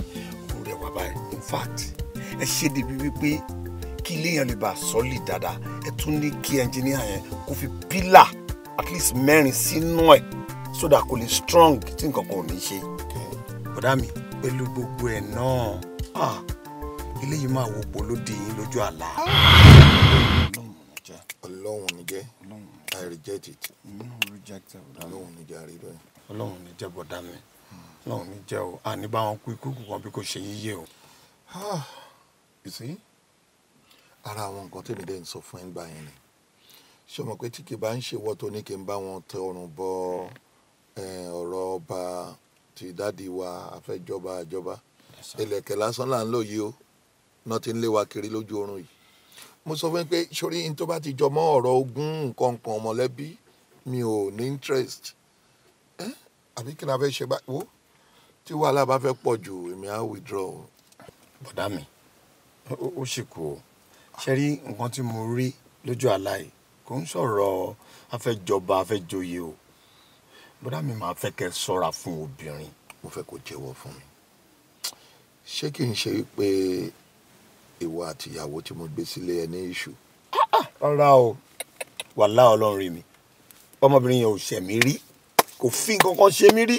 Speaker 7: ó rẹwà báyìí in fact ẹ ṣe débi wípé kí ilé yẹn lè bá sọ́lì dáadáa ẹ tún ní kí ẹnjìníà yẹn kó fi pílà at least mẹ́rin sínú ẹ̀ sódà kò lè strong tí nǹkan kan ò ní ṣe. bọ̀dá mi pẹ̀lú gbogbo ẹ̀ náà ilé ah, yìí máa wo polódì yín lójú àlá. ọlọ́run ní jẹ́ i reject it. ọlọ́run ní jẹ́ àrídọ́ yìí. ọlọ́run ní jẹ́ bọ̀dá mi ọlọ́run ní jẹ́ o àní bá wọn kú ikú kan bí kò ṣe yíyé o.
Speaker 5: Ah, you see ara àwọn nǹkan tèmi dẹ̀ ń sọ fún ìgbà yẹn ni ṣé o mọ̀ pé tí kì bá ń ṣe wọ́n tó ní kí n bá wọn tẹ ọrùn bọ ọ̀rọ̀ ọba ti dáàdi wa afẹ́jọba àjọba ìlẹ̀kẹ̀ lásán là ń lò yìí o náà ti ń lé wa kiri lójú oorun yìí mo sọ fún yín pé sórí ní tó bá ti jọ ọ̀rọ̀ ogún nǹkan kan ọmọlẹ́bí mi ò ní interest ẹ àbí kí n fẹ́ ṣe bá wo
Speaker 7: tí wàhálà bá fẹ́ pọ̀ jù èmi á withdraw. bọ̀dá mi ó ṣì kú o ṣe rí nǹkan tí mo rí lójú àlá yìí kò ń sọ̀rọ̀ afẹ́jọba afẹ́joyè o bọ́dá mi máa fẹ́ kẹ́ sọ́ra fún obìnrin mo fẹ́ kó jẹ́wọ́ fún mi
Speaker 5: ṣé kí n ṣe pé ìwọ àti ìyàwó tí mo gbé sílé ẹ ní iṣu.
Speaker 7: rárá o wàhálà ọlọ́run rí mi ọmọbìnrin yẹn ò ṣẹ̀ mí rí kò fi kankan ṣe mí rí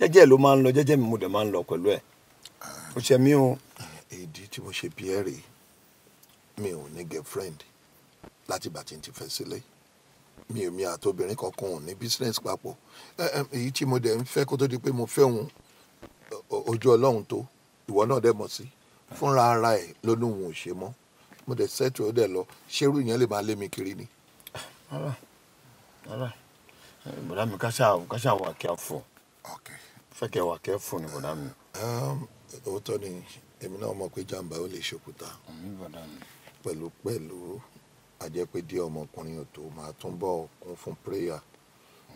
Speaker 7: jẹ́jẹ́ ló máa ń lọ jẹ́jẹ́ mi mo dẹ̀ máa ń lọ pẹ̀lú ẹ̀ kò ṣẹ̀ mí o. èdè tí mo ṣe bí ẹ rèé mi ò ní girlfriend láti ìgbà tí n ti fẹ́ sílé
Speaker 5: mi ò mi àtobìnrin kankan ò ní business papọ̀ èyí tí mo dẹ̀ ń fẹ́ kó tó di pé mo fẹ́ òun ojú ọlọ́run tó ìwọ náà dẹ̀ mọ̀ sí fúnra ara ẹ̀ ló ní òun ò ṣe mọ́ mo dẹ̀ sẹ́tù ó dẹ̀ lọ ṣerú ìyẹn lè máa lé mi kiri ni. rárá rárá bọ̀dá mi káṣá káṣá wà kẹ́fù fẹ́ kẹ́ wà kẹ́fù ni bọ̀dá mi. Um, òótọ́ ni èmi náà mọ̀ pé jàǹbá ó lè ṣokùtà. ọ̀mí bọ̀dá mi pẹ̀lúpẹ̀lú a jẹ́ pé díẹ̀ ọmọkùnrin ò tó máa túnbọ̀ kún fún prayer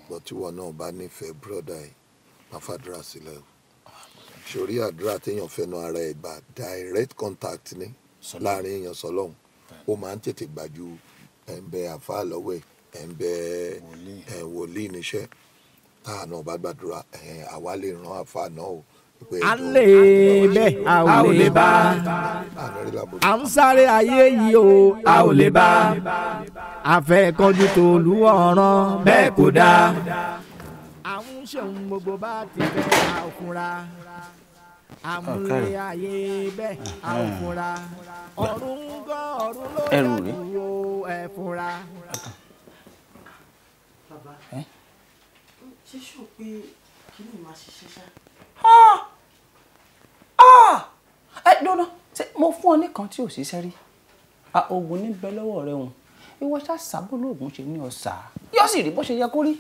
Speaker 5: bọ́ tíwọ náà bá nífẹ̀ẹ́ brọ́dà ẹ̀ máa fàdúrà sílẹ̀ o sórí àdúrà téèyàn fẹnu ara ẹ̀ gbà direct contact ni láàrin èèyàn sọlọ́hún ó máa ń tètè gbàjú ẹ̀ ń bẹ àfáà lọ́wọ́ ẹ̀ ẹ̀ ń bẹ ẹ̀ wòlíì níṣẹ́ táà náà bá gbàdúrà ẹ̀ àwa lè ràn àfáà náà o
Speaker 1: a lè bẹ́ẹ̀ a ò lè bá a ń sáré ayé yìí o a ò lè bá a fẹ́ kọjú tó lu ọ̀ràn bẹ́ẹ̀ kò dáa. àwọn ṣeun gbogbo bá ti fẹ́ a ò fúnra àmúlé ayé bẹ́ẹ̀ a ò fúnra ọ̀run gan ọ̀run ló yẹ kú ẹ̀ fúnra.
Speaker 2: bàbá pé
Speaker 4: kí ni màá ṣiṣẹ́ ṣáà ẹ ah!
Speaker 2: dọ́nà ah! eh, mo fún ọ nìkan tí ò ṣiṣẹ́ rí oògùn níbẹ̀ lọ́wọ́ rẹ òun ìwọ ṣá sábò lóògùn ṣe ní ọ̀sà yóò sì rí bó ṣe yẹ kó rí.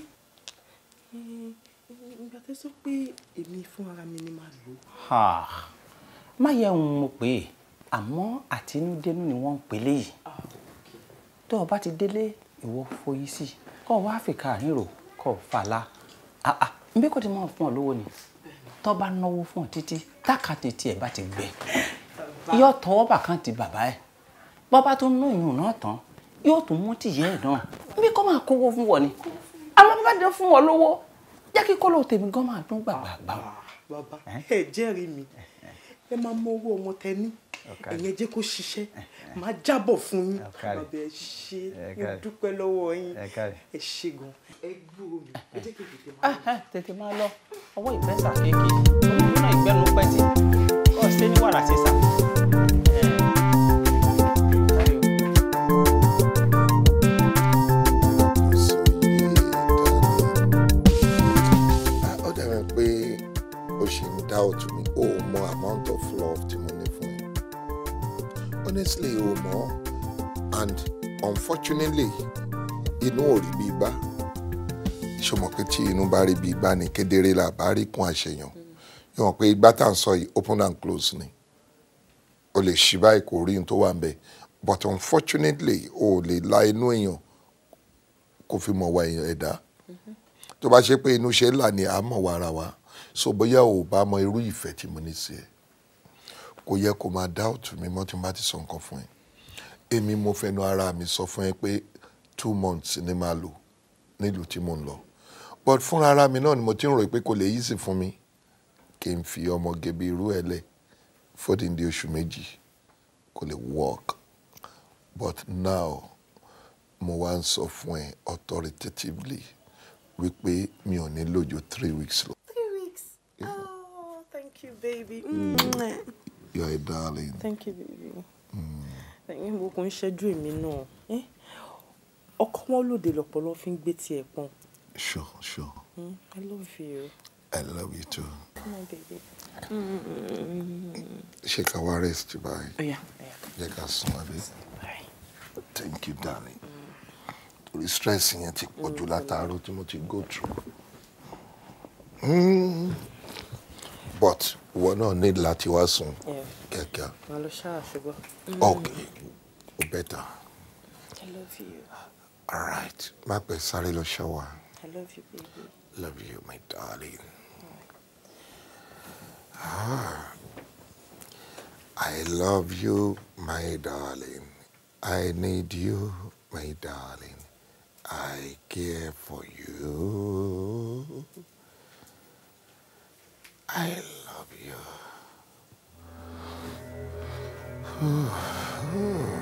Speaker 4: ìgbà tó sọ pé èmi fún ara mi ni màá lò.
Speaker 2: má yẹ òun mo pè é àmọ́ àtinúdénú ni wọ́n ń pè léyìí ah, tó o bá ti délé ìwọ foyí sí kó o wá fìkà àrírò kó o fà á la nbí ti máa fún ọ lówó ni tó bá náwó fún ọ títí tákàtì tiẹ̀ bá ti gbẹ yóò tọwọ́ bà kan ti bàbá ẹ̀ bàbá tó ná ìyún náà tán yóò tún mú tìyẹ́ ẹ̀ náà bí kò máa kówó fún wọn ni àwọn bàbá dé fún wọn lówó jẹ́ kí kọ́lọ́ tèmi gan máa dún gbàgbà bàbá
Speaker 4: ẹ jẹ́rìí mi ẹ máa mọ owó ọmọ tẹ ní ẹ̀yẹn jẹ́ kó ṣiṣẹ́ máa jábọ̀ fún yín bàbá
Speaker 2: ẹ ṣe mo dúpẹ́ lọ́wọ́ yín ẹ ṣe gan ẹ gbúrò mi ẹ jẹ́ kí tètè máa lọ. tètè máa lọ ọwọ́ ìfẹ́ sàkéèké ọmọ náà ìgbẹ́nu pẹ́ ní wàrà ṣe sàkéèké.
Speaker 5: Kingsley Omo and unfortunately inú ò rí bí igbá ṣọmọ pé tí inú bá rí bí igbá ni kedere là bá rí kún àṣeyàn yọ̀wọ̀n pé igbá tá à ń sọ yìí open and close ni o lè ṣí báyìí kò rí n wà ń bẹ but unfortunately o lè la inú èèyàn kò fi mọ̀ wá èèyàn ẹ̀dá tó bá ṣe pé inú ṣe là ní àmọ̀ wa wa so bóyá o bá mọ irú ìfẹ́ tí mo ní sí ẹ kò yẹ kó máa dáùtù mi mọ́ tí mo bá ti sọ nǹkan fún ẹ èmi mo fẹnu ara mi sọ fún ẹ pé two months ni màá lò nílùú tí mo ń lọ but fúnra ara mi náà ni mo ti ń rò pé kò lè yí sí fún mi kí n fi ọmọ gẹbi irú ẹ lẹ fódìndí oṣù méjì kò lè work but now mo wá ń sọ fún ẹ authoritatively wípé mi ò ní lò three weeks lọ. three
Speaker 4: weeks yeah. oh thank you baby. Mm. Mm
Speaker 5: you are a darling.
Speaker 4: thank you baby. ẹyin wo kò ń ṣẹ́jú èmi náà ọkọ wọn lòdì lọ́pọlọ fi ń gbé tiẹ̀ pọ́n. sure sure. Hmm, i love you. i love you too. come on baby. Hmm.
Speaker 5: ṣé ká wá rest báyìí. ọ̀yà oh, ọ̀yà. Oh, jẹ́ ká sùn àbí. thank you darling. torí stress yẹn ti pọ̀ jù mm. látàárọ̀ tí mo ti go through. Mm. but ìwọ náà ní láti wá sùn. Yeah. Okay.
Speaker 4: màá lọ ṣáà ṣùgbọ́n.
Speaker 5: okay better. I love you. all My má pẹ́ sáré I love you baby. love you my darling. Ah, I love you, my darling. I need you, my darling. I care for you.
Speaker 6: I love you. Oh.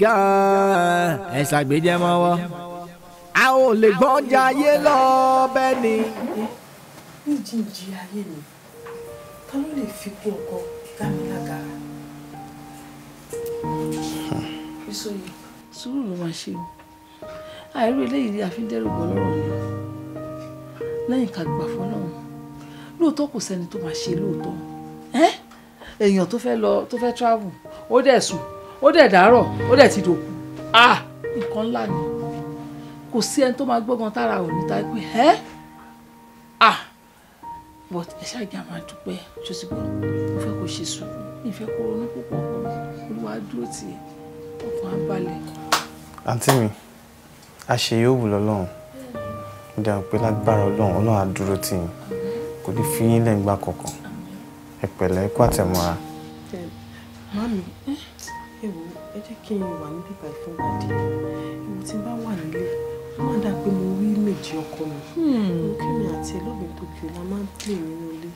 Speaker 1: gan-an ẹ ṣàgbéjẹ́ mọ́wọ́ a ò lè gbọ́njà ayé lọ bẹ́ẹ̀ ni.
Speaker 4: ní jíjí ayé mi ta ló lè fi kú ọkọ gámilágara.
Speaker 8: sùúrù ló máa ṣe o àìrò eléyìí àfi ń dẹ́rù bọ́ lọ́rọ̀ ni lẹ́yìn ká gbà fún náà lóòótọ́ kò sẹ́ni tó máa ṣe lóòótọ́ èèyàn tó fẹ́ lọ tó fẹ́ travel ó dẹ̀ sùn ó dẹ̀ dárọ̀ ó dẹ̀ ti dòkú ah nǹkan ńlá ni kò sí ẹni tó máa gbọ́ngàn tára ò ta pé ẹ́ ah but ẹ ṣáàjì àmà dúpẹ́ ṣòṣìgbọ́ mo fẹ́ kó ṣe sùn mi fẹ́ kó ronú púpọ̀ olúwa dúró tì ọkàn á balẹ̀.
Speaker 2: àǹtí mi àṣeyẹ òwú lọ́lọ́run mo dà pé lágbára ọlọ́run ọlọ́run á dúró tì yín kò ní fi yín lẹ́ǹgbà kọ̀ọ̀kan ẹ pẹ̀lẹ́ àtẹ̀mọ́ra.
Speaker 4: mami. Eh? kí n wà níbí báyìí fún ìgbà ìwọ tí n bá wà nílé ó má dà pé mo rí méjì ọkọ mi hmm. mo àti ẹlọ́gbìn tó kí o la máa ń pè nínú ilé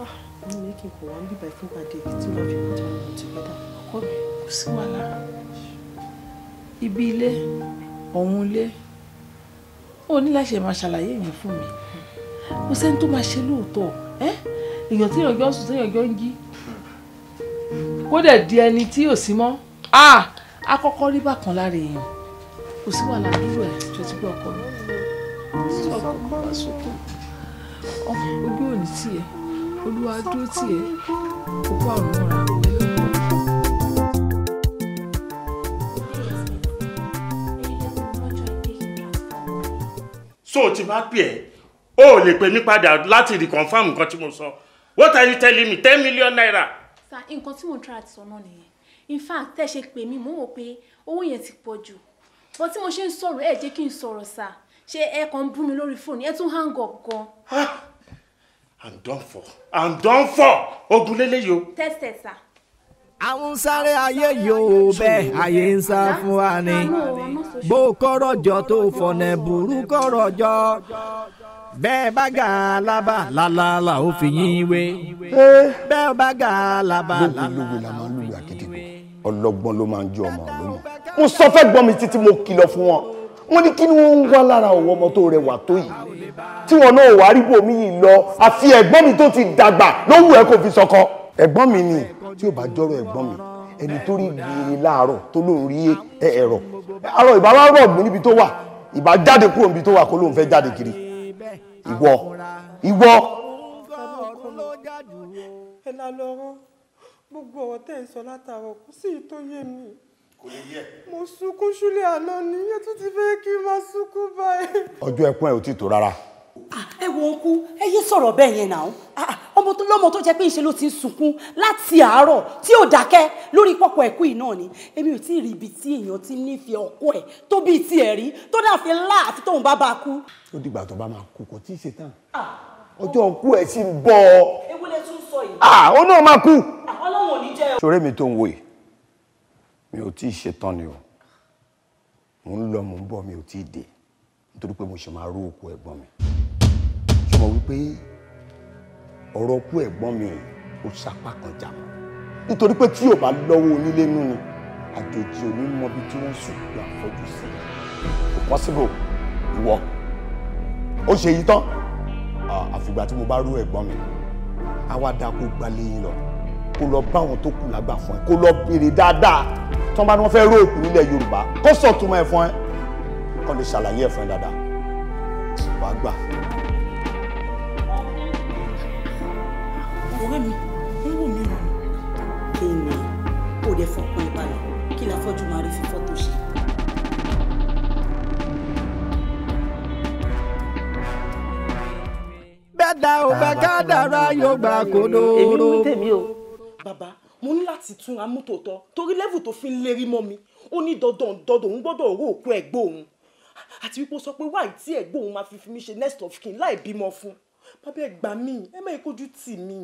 Speaker 4: ah, mo ní kí n kò wá níbí báyìí fún ìgbà díẹ̀ tí wọ́n fi kọ́ tàbí kò ti gbẹ́dà ọkọ mi kò sí wàhálà
Speaker 8: ibi ilé ọ̀hún ilé ó ní láṣẹ máa ṣàlàyé yẹn fún mi kò sẹ́ni tó máa ṣe lóòótọ́ èèyàn téèyàn jọ sùn téèyàn jọ ń jí kó dẹ̀ di ẹni tí ò sí mọ́ ah akọ́kọ́ rí bákan lára èèyàn kò sí wàhálà dúró ẹ̀ tó ti gbé ọkọ lọ sí ọkọ bá sọkọ ọmọ ojú ò ní olúwa dúró tiẹ̀
Speaker 4: òkú àrùn mọ́ra.
Speaker 6: so ti bá pè ẹ́ o ò lè pè mí padà láti reconfirm nǹkan tí mo sọ what are you telling me ten million naira.
Speaker 8: sa nǹkan tí mo ń try àti sọ náà nìyẹn in fact tẹ́ ṣe pè mí mò ń wò pé owó yẹn ti pọ̀ jù bó tí mo ṣe ń sọ̀rọ̀ ẹ̀ jẹ́ kí n sọ̀rọ̀ sà ṣé ẹ kàn ń bú mi lórí fóònù ẹ tún hang up gan.
Speaker 6: i'm done for i'm done for
Speaker 1: ogun lélẹ́yìí o. tẹ́sítẹ̀ sà àwọn ń sáré ayé yòó bẹ́ẹ̀ ayé ń sá fún wa ni bó kọ́rọ̀jọ́ tó fọ̀nẹ̀ burú kọ́rọ̀jọ́ bẹ́ẹ̀ bá ga alábà lálálà ó yín wé eh.
Speaker 7: bẹ́ẹ̀ bá ga alábà lálálà ọlọ́gbọ́n ló máa ń jọ ọmọ ló mọ̀ mo sọ fẹ́ gbọ́n mi títí mo kìlọ̀ fún wọn mo ní kí ni wọ́n ń wá lára òun ọmọ tó rẹwà tó yìí tí wọn náà wà rí bòmí yìí lọ àfi ẹ̀gbọ́n mi tó ti dàgbà ló wù ẹ́ kó fi sọkọ ẹ̀gbọ́n mi ni tí ò bá jọ́rọ̀ ẹ̀gbọ́n mi ẹni tó rí gbèrè láàárọ̀ tó lóun rí ẹ̀rọ àrọ̀ ìbá wá rọ̀ mú níbi tó wà ìbá jáde kúrò níbi tó wà kó lóun fẹ́ jáde kiri ìwọ ìwọ
Speaker 2: gbogbo ọ̀rọ̀ tẹ́ ẹ̀ ń sọ látàárọ̀ kò sí èyí tó yé mi.
Speaker 4: kò lè yẹ. mo sunkún ṣúlẹ̀ àná ni yóò tún ti fẹ́ kí n máa sunkún báyìí.
Speaker 7: ọjọ́ ẹkún ẹ ò tí ì tó rárá.
Speaker 4: Ah, ẹ wo ọkú ẹ yé sọ̀rọ̀
Speaker 3: bẹ́ẹ̀ yẹn náà ah, ah, ọmọ tó lọ́mọ tó jẹ́ pé ìṣe ló ti ń sunkún láti àárọ̀ tí ò dákẹ́ lórí pọ́pọ́ ẹ̀kú yìí náà ni èmi ò tí ì rí ibi tí èèyàn ti nífẹ̀ẹ́ ọkọ ẹ̀ tó bíi tiẹ̀ rí tó dàfin ńlá àfi tóun bá bá kú.
Speaker 7: ó dìgbà tó bá máa kú kò tí ì ṣe tán ọjọ́ ọkú ẹ̀ sì ń bọ̀ ọ́. ewu tún sọ yìí. ó náà máa kú ṣoré mi tó ń wò yìí mi ò tí ì ṣetán ni o mò ń lọ mò ń bọ̀ mi ò tí ì dé nítorí pé mo ṣe máa rú òkú ẹ̀gbọ́n mi ṣé mo wí pé ọ̀rọ̀ òkú ẹ̀gbọ́n mi ò sapá kan jà mọ́ nítorí pé tí ò bá lọ́wọ́ onílé nú ni àjòjì ò ní mọ ibi tí wọ́n sùn lọ àfọ́jú sí kò possible ìwọ ó ṣe yí tán àfìgbà tí mo bá rú ẹ̀gbọ́n mi á wá dáa gbalé yín lọ kó lọ bá àwọn tó kù lágbà fún ẹ kó lọ béèrè dáadáa tí wọ́n bá ní wọ́n fẹ́ róòkù nílẹ̀ Yorùbá kó sọ̀túnmọ̀ ẹ̀ fún ẹ kó lè ṣàlàyé ẹ̀ fún ẹ dáadáa wàá gbà.
Speaker 3: ọ̀rẹ́ mi ń wò mí rọrùn.
Speaker 4: kí ni kò dé fọkàn ìbàlẹ̀
Speaker 3: kí la fọ́jú máa rí fífọ́
Speaker 1: tó ṣe. bẹ́ẹ̀ da ò bẹ́ẹ̀ ká dára yóò gbà kó lóró. èmi mú tèmi o
Speaker 4: bàbá mo ní láti tún amútòótọ́ torí level tó fi ń lérí mọ́ mi ó ní dandan dandan òun gbọ́dọ̀ owó òkú ẹ̀gbọ́n òun àti wípé ó sọ pé wáì tí ẹ̀gbọ́n òun máa fi fi mí ṣe next of kin láì bímọ fún bàbá ẹ gbà ẹ má kojú tì mí.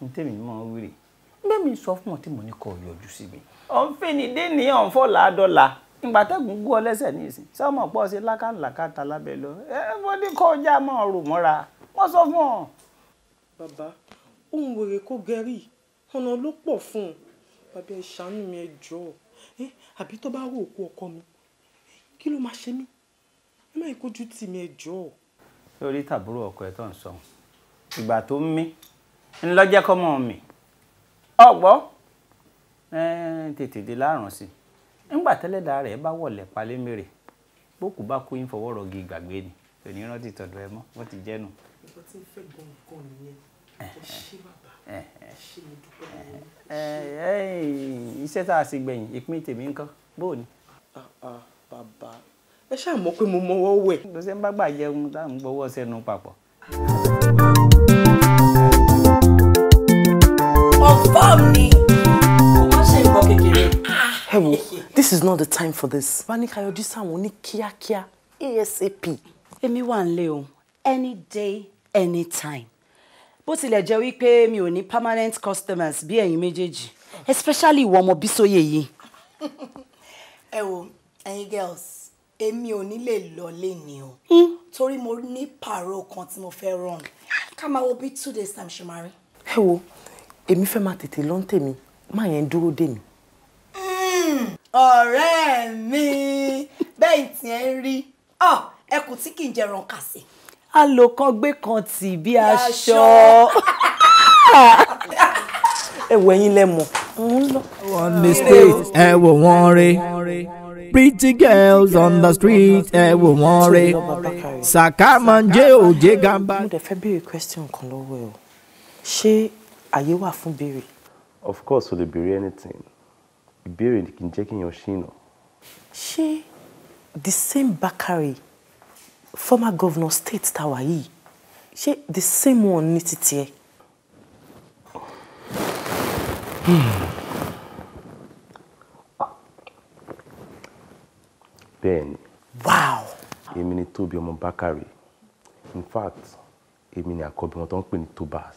Speaker 2: n tẹ́mi mọ wíìrì mẹ́mi sọ fún ọ mo ní kọ́ yọjú sí mi. ọ̀nfẹ́nidé ní ọ̀nfọ́làádọ́là ìgbà tẹ́gùn gún ọ lẹ́sẹ̀ ní ìsìn sọ́mọ̀ pọ̀ sí lákàlàkàtà lábẹ́ lọ ẹ mo ní kọjá mọ́ ọ̀rùn mọ́ra wọ́n sọ fún ọ. bàbá ohun
Speaker 4: wèrè kó gẹrí ọ̀nà ló pọ̀ fún un bàbá ẹ ṣàánú mi ẹ jọ ẹ àbí tó bá rò òkú ọkọ mi kí ló máa ṣe mí ẹ má kojú tì mí ẹ
Speaker 2: jọ. lórí tàbúrò ọkọ ẹ tó ń sọ ìgbà tó ń mí ńlọjẹ kọmọ mi ọgbọ tètè dé láàrùn sí nígbà tẹ́lẹ̀dá rẹ̀ bá wọlé palémèrè bókù bá kó yín fọwọ́ rọ̀gì ìgbàgbé ni òní rántí tọ̀dọ̀ ẹ mọ́ wọ́n ti jẹ́nu.
Speaker 4: ìbọn tí ń fẹ́ gan-an nìyẹn
Speaker 2: iṣẹ́ tá a ṣe gbẹ̀yìn ìpín tèmi ńkọ́ bóò ni. Ah, ah, bàbá ẹ ṣáà mọ̀ pé mo mọwọ́ wẹ̀. ló ṣe ń bá gbà jẹun tá à ń gbọ́wọ́ sẹ́nu papọ̀. ọ̀fọ̀ mi wọ́n ah,
Speaker 4: this is not the time for this. bá ní káyọ̀dé sáwọn ní kíákíá asap. èmi wà ń lé o any day any time bó tilẹ̀ jẹ́ wípé mi ò
Speaker 3: ní permanent customers bí ẹ̀yin méjèèjì especially ìwọ ọmọ Bísóyè yìí. ẹ wo ẹ̀yin girls èmi ò ní lè lọ lẹ́ni o hmm? torí mo ní pààrọ̀ kan tí mo fẹ́ rán ká máa wo bí two days time ṣe máa rí.
Speaker 4: ẹ wo èmi fẹ́ máa tètè lọ tèmi má yẹn dúró dè mí.
Speaker 3: Hmm, ọ̀rẹ́ mi bẹ́ẹ̀ tiẹ̀ ń rí ẹkùn tí kì í jẹ́ ronka sí àlòkọ́gbé kan tì bí aṣọ
Speaker 4: ẹwọ ẹyin lẹmọ.
Speaker 1: on the street ẹ wò wọ́n rí pretty girls on the street ẹ wò wọ́n rí saka máa òjé
Speaker 4: gamba. mo dẹ̀ fẹ́ béèrè question kan lọ́wọ́ ẹ o
Speaker 1: ṣé
Speaker 9: àyè wà fún béèrè. of course o lè béèrè anything ìbéèrè kì í jẹ́ kí èèyàn ṣìnà.
Speaker 4: ṣé the same Bakare former governor state tower yìí the same one ní titi ẹ.
Speaker 9: bẹ́ẹ̀ni. wow. èmi ni tóbi ọmọ bákàrè in fact èmi ni àkọ́bí wọn tó ń pè ní tobas.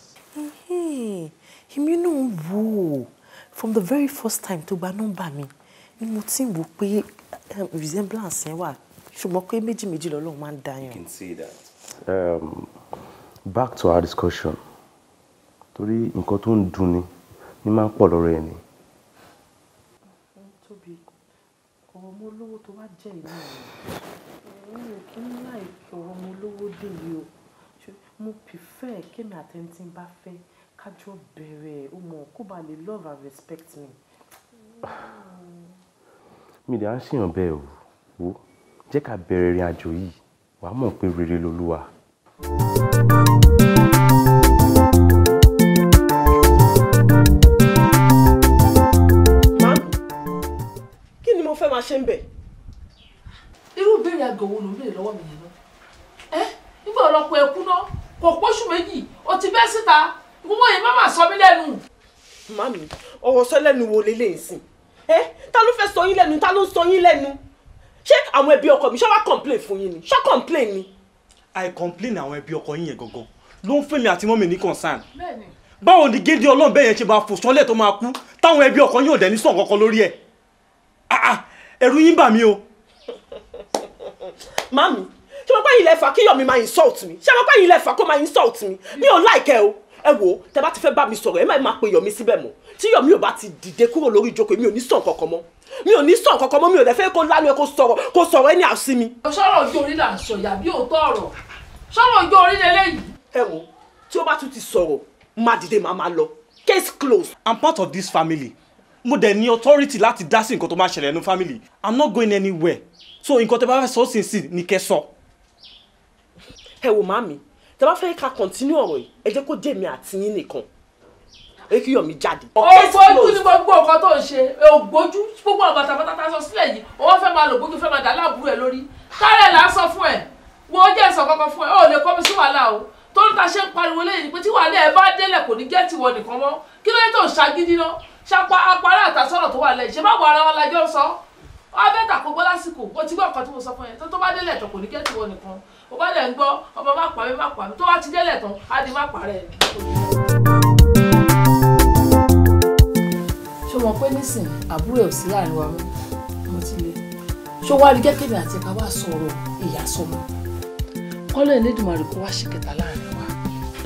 Speaker 4: èmi náà wò ó from the very first time tó gba nọ́mbà mi ni mo ti ń wò pé resemblance yẹn wà ṣùgbọ́n pé méjì méjì máa ń dá you can
Speaker 9: say that. Um, back to our discussion torí nǹkan tó ń dunni ní máa ń pọ̀ lọ́rọ̀ ẹ̀ ni.
Speaker 4: tóbi ọ̀rọ̀ ọmọ olówó tó wá jẹ́ ìlú rẹ̀ mi ò kí ń láì ọ̀rọ̀ ọmọ olówó dè yìí o mo prefer kémi àtẹ̀ntì bá fẹ́ kájọ bẹ̀rẹ̀ o kó ba lè love and respect me.
Speaker 9: mi dà á ṣèyàn bẹ́ẹ̀ o jẹ́ ká bẹ̀rẹ̀ ìrìn àjò yìí wàá mọ̀ pé rere lolúwa.
Speaker 4: kí ni mo fẹ́ máa ṣe ń bẹ̀. irú ìbéèrè àgọ̀ wo ló ń béèrè lọ́wọ́ mi yẹn náà.
Speaker 8: ẹ nígbà ọlọ́pọ̀ ẹ̀kú náà kò pọ́ṣù méjì ó ti bẹ́ síta gbogbo yẹn má má
Speaker 4: sọ mí lẹ́nu. màmí ọ̀rọ̀ sọ lẹ́nu wo lélẹ́yìn sìn ẹ́ ta ló fẹ́ sọ yín lẹ́nu ta ló ń sọ yín lẹ́nu ṣé àwọn ẹbí ọkọ mi ṣá wá complain fún yín ni ṣá complain ni. i complain àwọn ẹbí ọkọ yín yẹn gangan ló ń fún mi àti mọ́mì ní concern. báwo ni gédé ọlọ́run bẹ́ẹ̀ yẹn ṣe máa fò sọ́lẹ̀ tó máa kú táwọn ẹbí ọkọ yín ò dẹ̀ ní sàn kankan lórí ẹ̀ ah, ah, ẹ̀rù yín bà mí o. mami ṣé mo pẹ́ yìí lẹ́fà kí yọ̀mí máa insult mi ṣé mo pẹ́ yìí lẹ́fà kó máa insult mi mi ò like ẹ o ẹ wo tẹ bá ti fẹ́ bá mi sọ̀rọ̀ ẹ má máa pe yọ̀mí síbẹ̀ mọ́ tí yọ̀mí ò bá ti dìde kúrò lórí ìjókòó mi ò ní sàn kankan mọ́ mi ò ní sọ nǹkan kan mọ́ mi ò dẹ̀ fẹ́ kó lánàá kó sọ̀rọ̀ kó sọ̀rọ̀ ẹni àṣì mi. sọ̀rọ̀ ojú orí là ń sọ ìyá bí òótọ́ ọ̀rọ̀ sọ̀rọ̀ ojú orí lélẹ́yìí. ẹ wo tí ó bá tún ti sọ̀rọ̀ má dìde má má lọ case closed. i'm part of this family mo dẹ̀ ní authority láti dá sí nǹkan tó máa ṣẹlẹ̀ nínú family i'm not going anywhere so nǹkan tẹ bá fẹ́ sọ sí sí ni kẹ́ sọ. ẹ wo màmí tẹ bá fẹ́ ká continue ọ̀rọ̀ yìí ẹ jẹ́ kó jẹ́ mi àti nìkan
Speaker 1: Ekíyọ̀mí jáde. ògbójú
Speaker 8: ni gbogbo
Speaker 4: nǹkan tó ń ṣe ògbójú
Speaker 8: gbogbo àwọn bàtàbàtà tá a sọ sílẹ̀ yìí òun fẹ́ máa lògbójú fẹ́ máa dà láàbùrú ẹ̀ lórí kárẹ̀ là ń sọ fún ẹ̀ wọ́n jẹ́ ìsọ̀ kankan fún ẹ̀ ó lè kọ́ mi sí wàhálà o tó ń ta ṣe ń pariwo lẹ́yìn pé tí wàhálà ẹ̀ bá délẹ̀ kò ní gẹ́ẹ̀tì wọ nìkan mọ́ kí ló dé tó ń ṣagídí náà ṣapa apara àtàsọ̀rọ̀ tó wà lẹ́yìn ṣe báwo ara wa la jọ sọ abẹ́ tà kó gbọ́ lásìkò o ti gbọ́ nǹkan tí mo sọ fún yẹn tó tó bá délẹ̀ tán kò ní gẹ́ẹ̀tì wọ nìkan o bá dẹ̀ ń gbọ́ ọmọ má pa má pa tó bá ti délẹ̀ tán á di má pa rẹ̀. ṣé wọn pé nísìn àbúrò ò sí láàrin wa mo ti lé ṣó wá rí gẹ́gẹ́ àti ẹ̀ka wá sọ̀rọ̀ ìyá sọmọ kọ́lẹ̀ Elédùmarè kó wá ṣe kẹta láàrin wa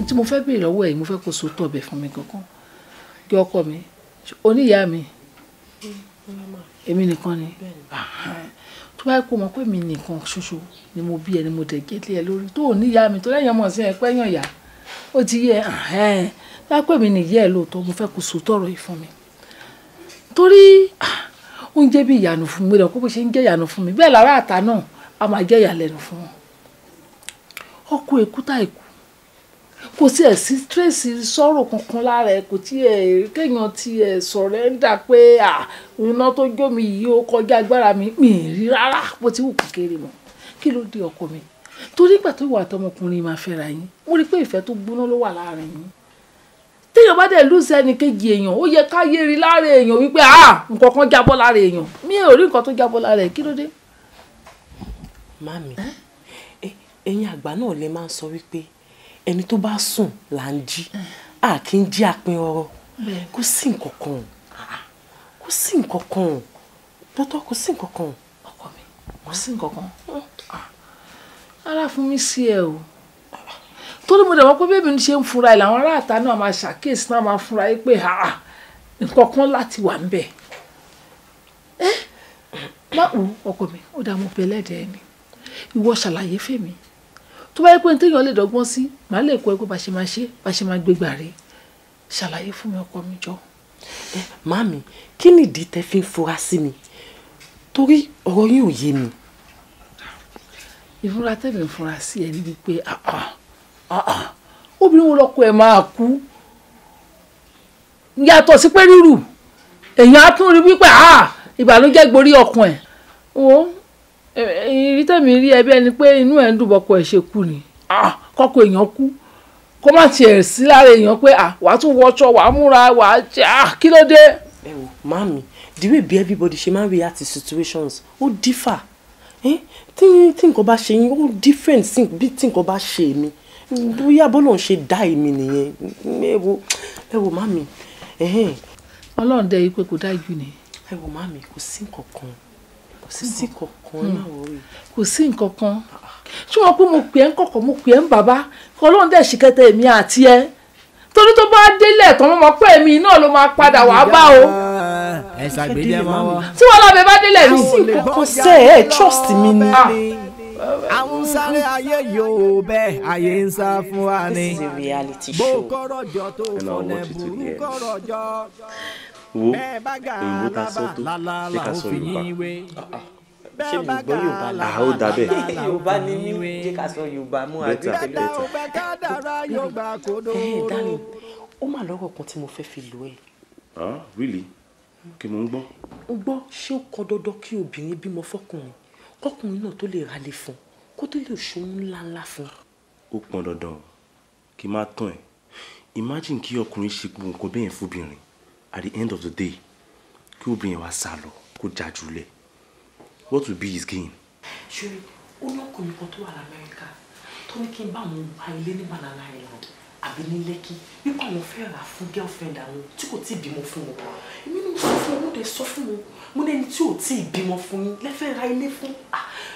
Speaker 8: tí mo fẹ́ béèrè lọ́wọ́ ẹ̀ mo fẹ́ kó so tó ọbẹ̀ fún mi kankan kí ọkọ mi oníyá mi èmi nìkan ni tó bá kó mọ pé mi nìkan ṣoṣo ni mo bí ẹ ni mo dẹ̀ gé ẹ lórí tó níyá mi tó lẹ́yìn ọmọ sí ẹ pẹ́yàn yá ó ti yẹ lápẹ́ mi nìyẹ́ ẹ lóòótọ́ mo fẹ́ kó so tọ̀rọ̀ yìí fún mi torí ó ń jẹ́ bí ìyànú fún mi rẹ̀ kó bó ṣe ń jẹ́ ìyànú fún mi bẹ́ẹ̀ lára àtà náà a máa jẹ́ ìyàlẹ́nu fún wọn ọkọ èkúta èkú kò sí ẹ̀ sí tírèsì sọ̀rọ̀ kankan lára ẹ̀ kò tí ẹ̀ kéèyàn ti ẹ̀ sọ̀rọ̀ ẹ̀ ń dà pé iná tó jó mi yìí ó kọjá agbára mi mi rí rárá bó ti wù kó kéré mọ́ kí ló dé ọkọ mi torí ìgbà tó wà máa fẹ́ra yín mo rí i pé ìfẹ́ tó gbóná ló wà láàrin yín téèyàn bá dẹ̀ lùsì ẹnìkejì èèyàn ó yẹ ká yé rí lára èèyàn wípé ah nǹkan kan jábọ́ lára èèyàn mi ò rí nǹkan tó jábọ́ lára ẹ̀ kí ló dé.
Speaker 4: mami ẹ̀yin àgbà náà lè máa ń sọ wípé ẹni tó bá sùn là ń jí a kì í jí àpín ọ̀rọ̀ kò sí nǹkan kan ah, kò sí nǹkan kan tọ́tọ́ kò sí nǹkan kan. ọkọ mi kò sí nǹkan kan
Speaker 8: ara ah. fún mi sí ẹ o torí mo dẹ̀ mọ̀ pé bébí mi ṣe ń funra ẹ̀ làwọn aráàta náà máa ṣàkíyèsí náà máa funra yìí pé ha nǹkan kan láti wà ń bẹ̀ ẹ́ má wù ọkọ mi ó dàá mo bẹ̀ lẹ́dẹ̀ẹ́ mi ìwọ ṣàlàyé fèmí tó bá yẹ pé téèyàn lè dọ́gbọ́n sí màá lè kọ́ ẹ pé bá ṣe máa ṣe bá ṣe máa gbégbà rè ṣàlàyé fún mi ọkọ mi jọ.
Speaker 4: ẹ màmí kí nìdí tẹ fi ń fura sí mi torí ọ̀rọ̀ yín ò yé mi.
Speaker 8: ìfura tẹ̀mí ń fura sí ẹ ní wípé àá. Ah, ah, Ah, ah, obìnrin wo lọkọ ẹ máa kú yàtọ̀ sí pé rírù èèyàn á tún rí wípé ah, ìbànújẹ́ gborí ọkàn ẹ̀ wo ìrítẹ̀mí rí ẹbí ẹni pé inú ẹ̀ ń dùn bọ́kọ̀ ẹ̀ ṣe kú ni ah, kọ́kọ́ èèyàn kú kó má tiẹ̀ sí lára èèyàn pé wà á tún wọṣọ wà á múra wà á jẹ
Speaker 4: kí ló dé. ẹ wò màmí the way bí everybody ṣe máa ń react to situations ó differ eh, tí nǹkan bá ṣe yín ó different bí tí nǹkan bá ṣe mí bóyá bọ́lá ń ṣe dá èmi nìyẹn ẹ wo ẹ wo mami. ọlọ́run dẹ́ ipò kò dájú ni. ẹ wo mami kò sí nǹkan
Speaker 8: kan kò sí nǹkan kan náà hmm. wọ̀nyí. kò sí nǹkan kan ah, ah. ṣé wọn pé mo pè é ń kọ̀kọ̀ mo pè é ń bàbá ọlọ́run dẹ́ ṣìkẹ́tẹ̀ èmi àti ẹ torí tó bá délẹ̀ tán mo mọ̀ pé èmi náà ló máa padà wàá bá o.
Speaker 1: ẹ ṣàgbéjẹ mọ́ wọn. tí wọn
Speaker 8: lábẹ́ bá délẹ̀ ní sí nǹkan sẹ́ẹ̀ trust mi ni. Ah àwọn ń sáré
Speaker 1: ayé yòó bẹ́ẹ̀ ayé ń sá fún wa ni. bó kọ́rọ̀ jọ tó fọlẹ̀ burú kọ́rọ̀ jọ. wo òyìnbó ta sọ tó ṣe ká sọ yorùbá
Speaker 4: ah, ah. ṣé mi gbọ́ yorùbá là á ó da bẹ́ẹ̀. yorùbá ni mí jẹ́ ká sọ
Speaker 9: yorùbá mú àdé tẹ́lẹ̀
Speaker 1: tán. ẹ dani ó mà lọ́rọ̀ kan
Speaker 4: tí mo fẹ́ fi lò ẹ́.
Speaker 9: ah really kí mo ń gbọ́.
Speaker 4: ń gbọ́ ṣé ó kọ dandan kí obìnrin bímọ fọkùnrin kọkùnrin náà tó lè ralé fún kó tó lè ṣòun ńláńlá
Speaker 6: fún.
Speaker 9: ó pọn dandan kí n má tán ẹ imagine kí ọkùnrin ṣe gbogbo nǹkan bẹ́ẹ̀ fóbìnrin at the end of the day kí obìnrin wa sá lọ kó já jùlẹ̀ what will be his gain.
Speaker 4: ṣé ó ní ọkùnrin kan tó wà lamẹ́ríkà tó ní kí n bá òun gba ilé ní banana island àbí ní lẹ́kí wípé àwọn fẹ́ rà fún girlfriend àwọn tí kò tíì bímọ fún wọn èmi náà sọ fún wọn mo dẹ̀ sọ fún wọn mo ní ẹni tí ò tíì bímọ fún yín lẹ́fẹ̀ẹ́ ra ilé fún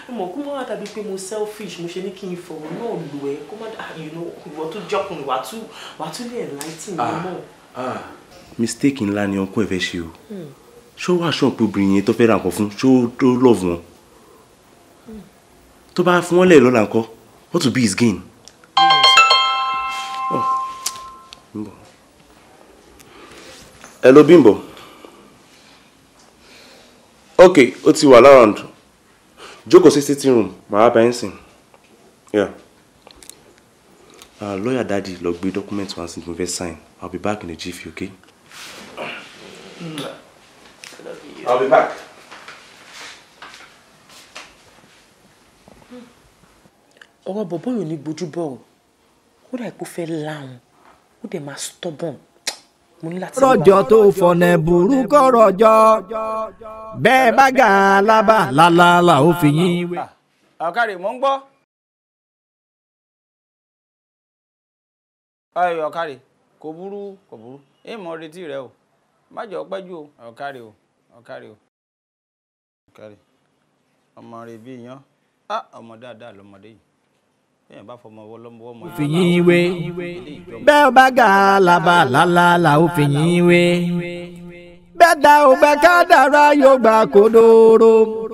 Speaker 4: ẹ mọ̀ kó má wà tàbí pé mo selfish mo ṣe ní kí n fọ̀rọ̀ náà lò ẹ́ kó má dà ìwọ tó jọkùnrin wà tú wà tú lè enlighten mi ah, mọ́.
Speaker 9: Ah, mistake ńlá ni ọkọ fẹ́ ṣe o hmm. ṣó wàá ṣọ́ pé obìnrin yẹn tó fẹ́ ra nǹkan fún ṣó tó love wọn hmm. tó bá fún wọn lẹ̀ lọ́la nǹkan what to be his gain. hello Bimbo Okay, ó ti wà lárànd jókòó sí sitting room My bá yín sìn yeah uh, lawyer daddy log gbé documents one since mo fẹ́ sign I'll be back in the jiffy okay. I'll be back. Oh, ọwọ́ bọ̀bọ́
Speaker 4: yóò ní gbójú Who ó dà kó fẹ́ Who ó dẹ̀ máa stubborn
Speaker 1: rọjò tó fọnẹ burúkọ rọjò bẹ́ẹ̀ bá gà á lábà lálálà ó fi yín wé.
Speaker 2: Ah, ọ̀kadì mò ń gbọ́. ọyọ ọ̀kadì kò burú kò burú èèmọ̀ retí rẹ o má jọ pẹ́jù o ọ̀kadì o ọ̀kadì o ọ̀kadì ọmọ rẹ bí yan ah, ọmọ dáadáa lọmọdé yìí òfin yín wé bẹ́ẹ̀ bá gà làbà
Speaker 1: lálàlà òfin yín wé bẹ́ẹ̀ dá ò ká dára yóò gbà kódóró.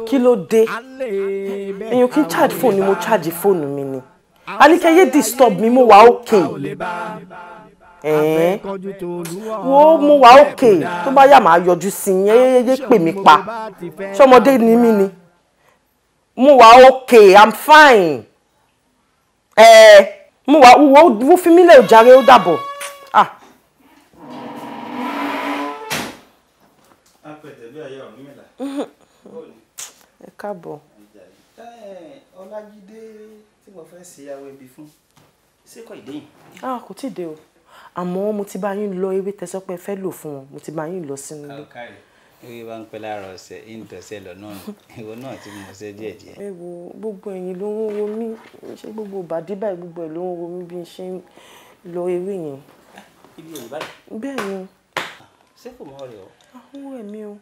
Speaker 4: kí ló dé èèyàn kí n charge fóònù mo charge fóònù mi ni alikẹyẹ disturb mi mo wà ókè wo mo wà ókè tó bá yà máa yọjú sí i yẹn yẹ pè mí pa ṣọmọdé ni mí ni mo wà ókè i'm fine ẹ mo wà wọ́n fi mí lè jàre ó dàbọ̀. Ah. ẹ káàbọ̀.
Speaker 2: ọlájídé tí mo fẹ́ ṣe àwọn ẹbí fún ṣé kò ìdéyìn.
Speaker 4: a ah, kò tí ì dé o àmọ́ mo ti bá yín lọ ewé tẹ́sán pé ẹ fẹ́ lò fún wọn mo ti bá yín lọ sínú
Speaker 2: ilé bí wọ́n ń pẹ́ láàárọ̀ ọ̀sẹ̀ ìǹtọ̀sẹ̀ lọ́nà ìwọ náà tí mo ṣe díẹ̀ díẹ̀.
Speaker 4: ẹ wo gbogbo ẹ̀yìn ló ń wo mí ṣé gbogbo bàdíbà gbogbo ẹ̀ ló ń wo mí bí n ṣe ń lọ ewé yẹn. ibi èyí báyìí. bẹ́ẹ̀ ni.
Speaker 2: ṣé kò mọ rẹ o. àwọn
Speaker 4: ọ̀rẹ́ mi o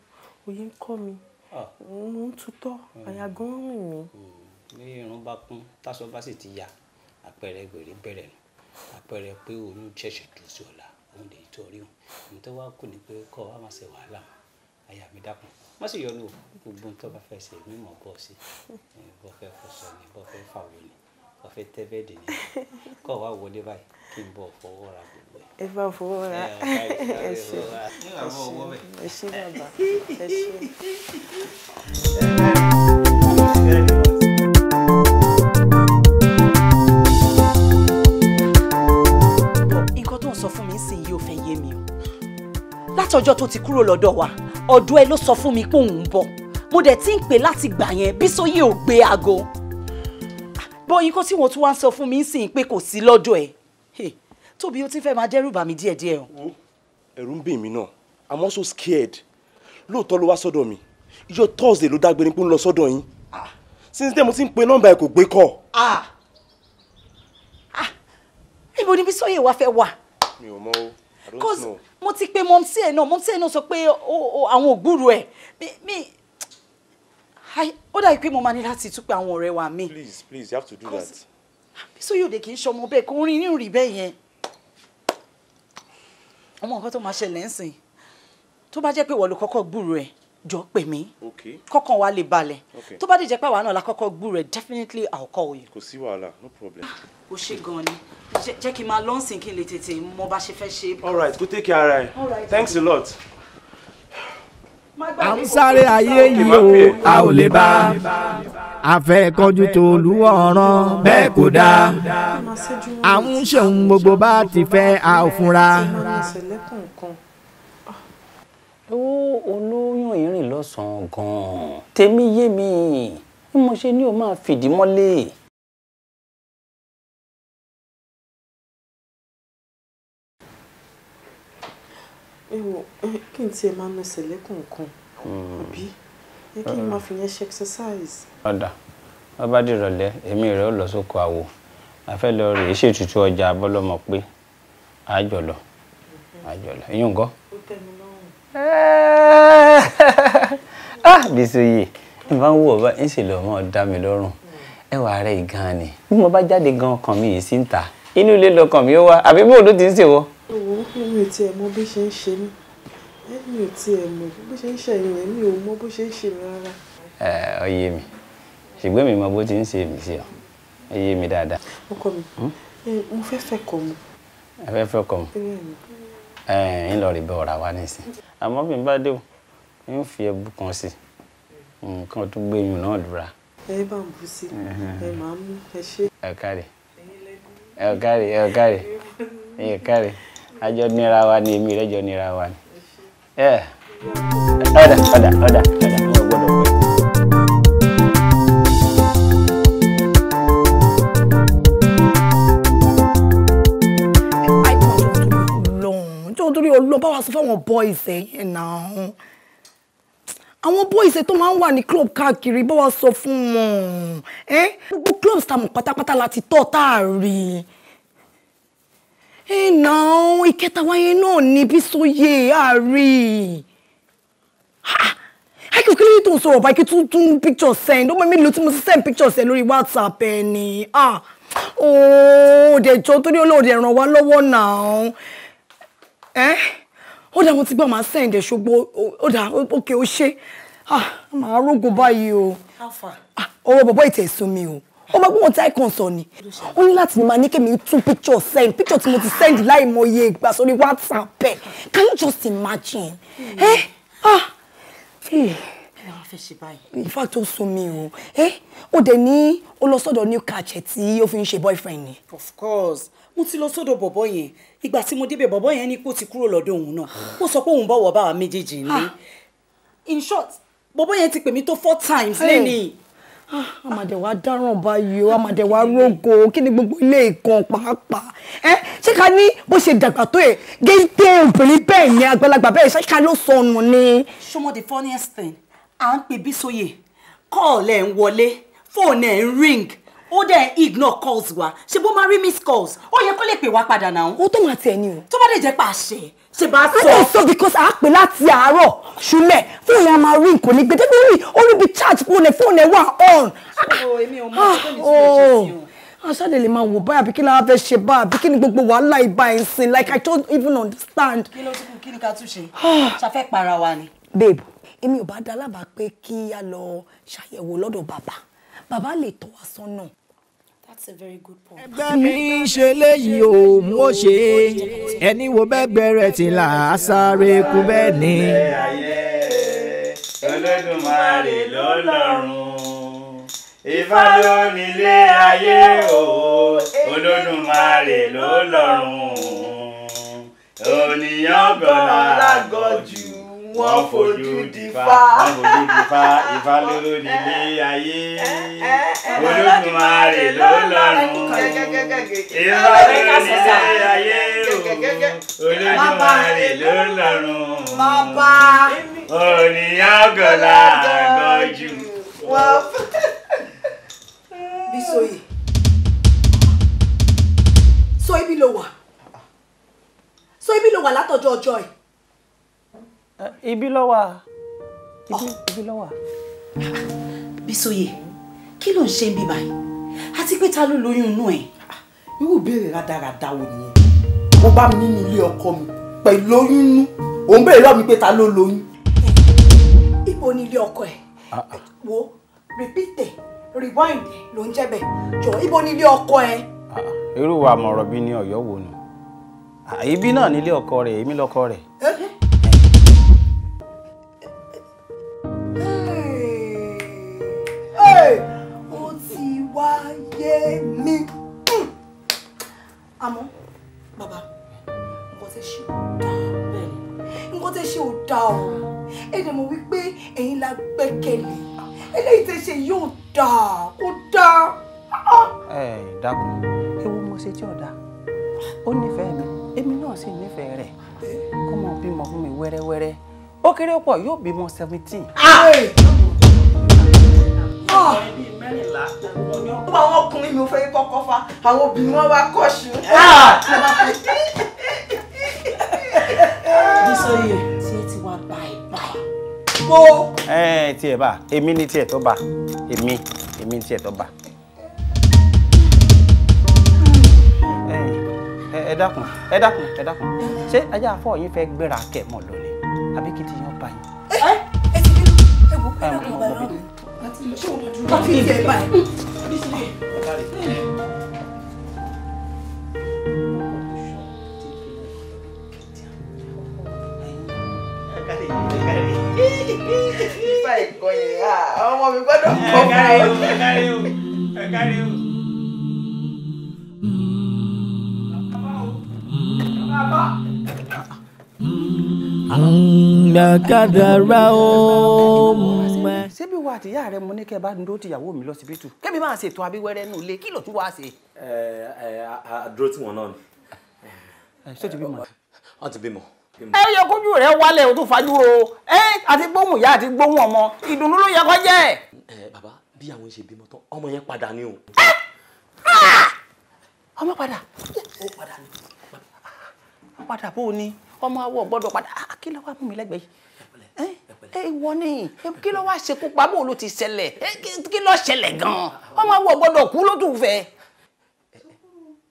Speaker 4: òye ń kọ́ mi ah. mo ń tutọ́ hmm. àyà gan ń rìn mí.
Speaker 2: Hmm. bí irun bá kún táṣọ bá sì ti ya àpẹẹrẹ gbèrè bẹ̀rẹ̀ nù àpẹẹrẹ pé òun ṣẹ̀ṣẹ̀ dùn sí ọ̀la òun lè tọ́ òun tó kù ní pé kọ́ wa máa ṣe wàhálà mọ́ àyà mi dákun wọ́n sì yọnu gbogbo nǹkan bá fẹ́ ṣe mí mọ̀ bọ́ sí bọ́ fẹ́ fọṣọ ni bọ́ fẹ́ fàwọ̀ ni bọ́ fẹ́ tẹ́bẹ́ẹ̀dì ni kọ́ wa wọlé báyìí kí n bọ̀ fọwọ́ ra gbogbo ẹ̀. ẹ bá fọwọ́ ra ẹ ṣe ẹ ṣe bàbá ẹ
Speaker 4: ṣe.
Speaker 3: látọjọ́ tó ti kúrò lọ́dọ̀ wa ọ̀dọ̀ ẹ ló sọ fún mi pé òun ń bọ̀ mo dẹ̀ ti ń pè láti gbà yẹn bí sóyè ò gbé aago bóyin kó tí wọ́n tún wá ń sọ fún mi ń sìn pé kò sí lọ́dọ̀ ẹ̀ tóbi ó ti fẹ́ máa dẹ́rù bà mí díẹ̀díẹ̀ o.
Speaker 9: ẹ̀rù ń bè mí náà i'm also scared lóòótọ́ ló wá sọ́dọ̀ mi ìjọ thursday ló dágbére pé ń lọ sọ́dọ̀ yín ah. since then mo ti ń pe nọ́mbà ẹ̀ kò gbé kọ́. Ah.
Speaker 3: Ah. ibo ni bí sóyè wa fẹ́ wà.
Speaker 9: mi ò mọ o cause
Speaker 3: mo ti pe mom si e náà mọ̀mísí ẹ̀ e náà sọ pé àwọn ògbúrò ẹ̀ mi ó dàbí pé mo máa ní láti tún pé àwọn ọ̀rẹ́ wa mi. please
Speaker 9: please you have to do that.
Speaker 3: Bísóyòdè kì í ṣọmọ bẹ́ẹ̀ kó rin ní rí bẹ́ẹ̀ yẹn ọmọ nǹkan tó máa ṣẹlẹ̀ ń sìn tó bá jẹ́ pé wọ́n ló kọ́kọ́ gbúrò jọ pè mí kọkàn wa lè balẹ̀ tó bá dìjẹ́ pé àwa náà la kọ́kọ́ gbúrẹ̀ definitely I'll call you. kò sí wàhálà no problem. o ṣe gan ni jẹ́ kí n máa lọ́nsìn kí n lè tètè mọ bá ṣe fẹ́ ṣe. all right go take care ara
Speaker 1: ẹ thanks a lot. à ń sáré ayé yìí o a ò lè bá a fẹ́ kọjú tó olúwa ọ̀ràn bẹ́ẹ̀ kò dáa à ń gbogbo bá ti fẹ́ a ò fúnra
Speaker 2: ó olóyún ìrìn lọ́sàn-án gan-an
Speaker 9: tèmi yé mi bí mo ṣe ní o máa fìdí mọ́lé.
Speaker 4: ewo kí n tiẹ̀ máa mẹsẹ̀ lẹ́kọ̀ọ̀kan
Speaker 9: hmm. àbí ẹ kí n
Speaker 2: máa
Speaker 4: hmm. fi yẹn ṣe exercise.
Speaker 2: ọ̀dà wọ́n bá dìrọ̀lẹ́ èmi rẹ̀ ó lọ sóko àwò afẹ́ lọ rèé ṣètùtù ọjà abọ́lọ́mọ pé àjọlọ àjọlọ ìyún gan-an. Eh! ah Bísóyè n bá ń wò ọba ń sì lọ ọmọ dá mi lọ́rùn ẹwà rẹ̀ gan ni bí mo bá jáde gan ọkàn mi yìí sí ń ta inú ilé lọkàn mi ó wá àbí bóòdù ti ń ṣèwọ.
Speaker 4: owó mi ò tiẹ̀ mọ bí ṣe ń ṣe mí mi ò tiẹ̀ mọ bó ṣe ń ṣe ẹ̀yìn rẹ̀ mi ò mọ bó ṣe ń ṣe mi rárá.
Speaker 2: ẹ ọ mi ṣùgbọ́n mi mọ bó ti ń ṣe mí sí ọ ẹ yé mi dáadáa. ọkọ mi hmm?
Speaker 4: mo fẹ́ fẹ́ kọ̀ mu. ẹ fẹ́
Speaker 2: fẹ́ kọ̀ mu ẹ ń lọ rí bẹ́ẹ̀ ọ̀rá wa nísìnyí àmọ́ bí n bá dé o n fi ẹ̀bù kan sí nǹkan tó gbẹ̀yìn náà lura.
Speaker 4: ẹ bá ń bú sí ẹ máa mú ẹ
Speaker 2: ṣe. ẹ káre ẹ káre ẹ káre ẹ káre àjọ nira wa ni èmi rẹ jọ nira wa ni. ẹ ọ̀dà ọ̀dà ọ̀dà.
Speaker 3: Ọlọ́run bá wa sọ fáwọn boys ẹ̀ yẹn náà àwọn boys tó máa ń wà ní club káàkiri bá wa sọ fún wọn ẹ gbogbo clubs tá a mọ̀ pátápátá láti tọ́ tá a rí ẹ náà ìkẹta wáyé náà ní bí sóyè àárí akíkú kí ló tó ń sọ̀rọ̀ bá ikú tún picture send ó mọ mi lò tí mo ti send pictures ẹ lórí whatsapp ẹ ni ah ooo òdẹjọ torí olóòdẹ ràn wá lọ́wọ́ náà ẹ́ ó dà mo ti gbọ́ màá sẹ́ǹdẹ̀ ṣùgbọ́n ó dà ókè ó ṣe ah, màá rógo báyìí o ah, ọwọ́ bọ̀bọ́ ìtẹ̀sùn mi o ó máa gbọ́n tí icon sọ ni ó ní láti máa ní kémi two pictures send picture tí mo ti send láì mọ iye ìgbà sórí whatsapp ẹ can you just imagine hmm. ẹ ah in fact ó sún mi o ẹ ó dẹ̀ ní ó lọ sọ́dọ̀ new catch ẹ̀ tí ó fi ń ṣe boyfriend ni. of course mo ti lọ sọ́dọ̀ bọ̀bọ̀ yẹn ìgbà tí mo débẹ̀ bọ̀bọ̀ yẹn ni kó ti kúrò lọ́dọ̀ òun náà ó sọ pé òun bọ̀wọ̀ bá wa méjèèjì ni ah. in short bọ̀bọ̀ yẹn ti pè mí tó four times lẹ́nìí. àmàdé wa dáràn báyìí o àmàdé wa rógo kí ni gbogbo ilé ìkan pàápàá ẹ ṣé ká ní bó ṣe dàgbà tó yẹ géńté obìnrin bẹ́ẹ̀ yẹn àgbàlagbà bẹ́ẹ̀ ṣé ká ló sọnù ni. ṣọmọ the funniest thing à ń pè Bísóyè kọ́ọ̀lẹ̀ ń wọlé fóònù ẹ̀ ń ring ó dẹ̀ ignore calls wa ṣe bó máa rí miss calls ó yẹ kó lè pè wá padà náà. ó tó máa tẹ̀ ni o. tó bá lè jẹ́ pé àṣẹ ṣe bá sọ. i dey so because a pè láti àárọ̀ ṣùlẹ̀ fóònù yẹn máa rí nǹkan ní gbẹdẹ́gbẹ́ rí orí bíi charge fóònù ẹ̀ fóònù ẹ̀ wà on. ṣòro èmi ò mọ ṣé mi ti lè ṣe sí o aṣáde lè máa wò báyà bí kí la fẹ́ ṣe báyà bí kí ni gbogbo wàhálà ibà ẹ̀sìn like i don't even understand. kí ló ti kú kí ni ká tún ṣe ah. ṣàfẹ́ para wa ni. babe èmi ò bá dá lábàá pé kí a lọ ṣàyẹ̀wò lọ́dọ̀ bàbá bàbá lè tọ́ wa sọ́nà That's a very good
Speaker 1: point. mi ṣe léyìí o mo ṣe ẹni wo bẹ́gbẹ́ rẹ̀ ti là á sáré kú bẹ́ẹ̀ ni.
Speaker 2: Olódùmarè ló lọ́rùn Ifá ló nílé ayé o Olódùmarè ló lọ́rùn ònìyàn gbọ́dọ̀
Speaker 9: lágọ̀jù
Speaker 2: mú ọ̀fojú dìfá ọ̀fojú dìfá ìfá lóró nílé ayé eh, eh, eh, olódùmarè ló lọ́rùn ìfá
Speaker 6: lóró nílé ayé olódùmarè
Speaker 2: ló lọ́rùn oníyàgọ̀lá àgọ́jù.
Speaker 3: Bisoyi so ibi ló wà so ibi ló wà látọjọ́ ọjọ́ joy. Eh, ibi ló wà
Speaker 4: ibi oh. ló wà. Bísóyè
Speaker 3: kí ló ń ṣe ń bí báyìí àti pé ta ló lóyún inú ẹ. Ah,
Speaker 4: irú ìbéèrè rádaràda wo nìyẹn mo bá mi nínú ilé ọkọ mi pẹ̀lú lóyún òun béèrè lọ́ọ̀ pé ta ló lóyún. Eh, ibo ni ilé ọkọ ẹ ah, ah.
Speaker 3: wo repeat it rewind ló ń jẹ́ bẹ́ẹ̀ jọ ibo ni ilé ọkọ ẹ.
Speaker 2: irú wa mọ̀rọ̀ bí ní ọ̀yọ́ wo nù ibi náà nílé ọkọ rẹ̀ èmi lọkọ rẹ̀.
Speaker 1: Eh,
Speaker 3: èmi àmọ́ bàbá nǹkan tẹ́ ṣe ò dáa nǹkan tẹ́ ṣe ò dáa o ẹ dẹ̀ mọ̀ wípé ẹ̀yin la gbẹ́kẹ̀lé eléyìí tẹ́ ṣe yóò dáa kó dáa.
Speaker 2: ẹ dákun ewu mo ṣe tí ò dáa ó nífẹ̀ẹ́ mi èmi náà sì nífẹ̀ẹ́ rẹ̀ kọ́mọ bímọ fún mi wẹ́rẹ́wẹ́rẹ́ ó kéré pọ̀ yóò bímọ seventeen. Ah! ibi ah. mẹ́rìnlá gbogbo àwọn ọkùnrin mi ò fẹ́ kọ́kọ́ fa àwọn
Speaker 3: obìnrin wọn wá kọ́ṣù. bísọ̀yè ah. tí ẹ ti wá báyìí báyìí.
Speaker 2: mo. ẹ tiẹ̀ bá èmi ni tiẹ̀ tó bá èmi èmi ni tiẹ̀ tó bá. ẹ dákun ẹ dákun ẹ dákun ṣé ajá afọ yín fẹ́ gbéra kẹ mọ lónìí àbí kí ti yan báyìí. ẹ ẹ ti dé ẹ wò ó
Speaker 3: ẹ dákun ọba ẹ lọ́rùn. bá fi ìfẹ́ báyìí.
Speaker 1: ọmọ mi gbọ́dọ̀ kọ́
Speaker 2: fún
Speaker 1: mi. àgbàkadàrà ó mẹ́.
Speaker 2: ṣebí wa àti ìyá rẹ mo ní kẹ́ ẹ bá dúró tìyàwó mi lọ́sibítù kẹ́mi máa ṣètò abíwẹ́rẹ́ nù lé kí ló tún wá ṣe. ẹ ẹ àdúró tí wọn náà ni.
Speaker 4: ṣé o ti bímọ. wọn ti bímọ. ẹ
Speaker 2: yọ kójú rẹ wálẹ̀ o tún fajúro ẹ àti gbóhùn ìyá àti gbóhùn ọmọ ìdùnnú ló yẹ kó jẹ́. ẹ
Speaker 4: bàbá bí àwọn ṣe bímọ tán ọmọ yẹn padà ni o. Ah!
Speaker 2: ọmọ padà ó padà ni padà bó o ní ọmọ awọ gbọ́dọ̀ padà ah, ah, kí ló wá mú mi lẹ́gbẹ̀ẹ́ yìí ẹ eh, ìwọ ni eh, kí ló wá ṣekú pa bó ló ti ṣẹlẹ̀ eh, kí ló ṣẹlẹ̀ gan-an ọmọ awọ gbọ́dọ̀ kú ló dùn fẹ́.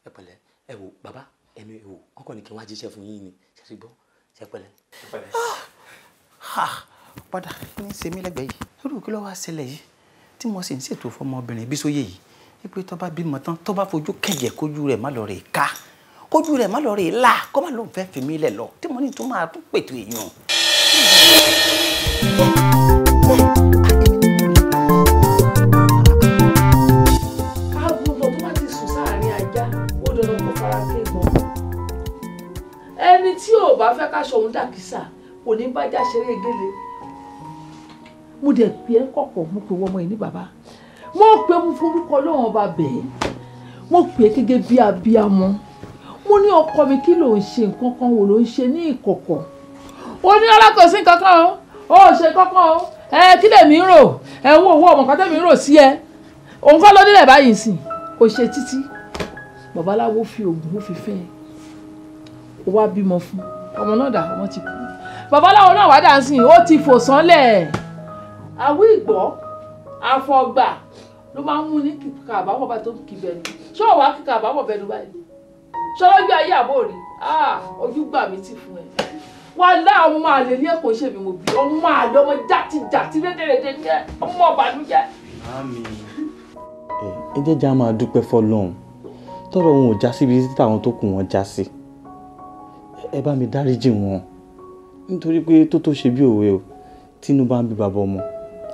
Speaker 2: ẹ pẹ̀lẹ́ ẹ wo bàbá ẹmi wo wọn kàn ní kí n wá jíṣẹ́ fún yín ni ṣe ti gbọ́ ṣe pẹ̀lẹ́. Ah, padà ní sèmi lẹ́gbẹ̀ẹ́ yìí lórí kí ló wá ṣẹlẹ̀ yìí tí mo sì ń ṣètò fọmọbìnrin Bísóyè yìí wípé tó bá bímọ tán tó bá fojú kẹ̀jẹ̀ kójú rẹ̀ má lọ rè ká kójú rẹ̀ má lọ rè là kó má ló ń fẹ́ fèmí lẹ̀ lọ tí mo ní tó máa tún pètò èèyàn.
Speaker 8: ẹni tí ò bá fẹ́ ká ṣòun dàkísà kò ní bá já ṣeré gèlè mo dẹ̀ pé ẹ́ kọ̀kọ̀ mo pè ọmọ yìí ní bàbá mo pè mo forúkọ lọ́wọ́n ọba bẹ̀ẹ́ mo pè gẹ́gẹ́ bí abiyamọ mo ní ọkọ mi kí ló ń ṣe nǹkan kan wò ló ń ṣe ní ìkọ̀kọ̀ ó ní alákòóso nǹkan kan ó ṣe kankan ó ẹ kí lèmi ń rò ẹ wo owó ọmọ kan tẹ̀mí ń rò sí ẹ òun kọ́ ló nílẹ̀ báyìí sìn kò ṣe títí babaláwo fi oògùn ó fi fẹ́ ẹ ó wá bímọ fún ọmọ náà dà ọmọ ti kú babaláwo náà wá dà sí ó ti fò sánlẹ̀ àwí ìgbọ́ àfọ̀gbà ló máa ń mú ní kàbáwọ̀ bá tó kìbẹ̀ ni ṣé òwà kìkàbáwọ̀ bẹnu báyìí ṣọlọ́jọ́ ayé àbò rí ojú gbà mí ti fún ẹ wà láà ọmọ àlè ní ẹ̀kọ́ ṣèmi mo bí ọmọ àlè ọmọ jàti jàti rédèrèdè jẹ ọmọ ọbànújẹ́.
Speaker 2: ẹ jẹ́ jẹ́ a máa dúpẹ́ fọlọ́run tọrọ wọn ò já síbi tí táwọn tó kù wọn já sí ẹ bá mi dáríjì wọn nítorí pé tó tó ṣe bí òwe o tínú bá ń bí bàbá ọmọ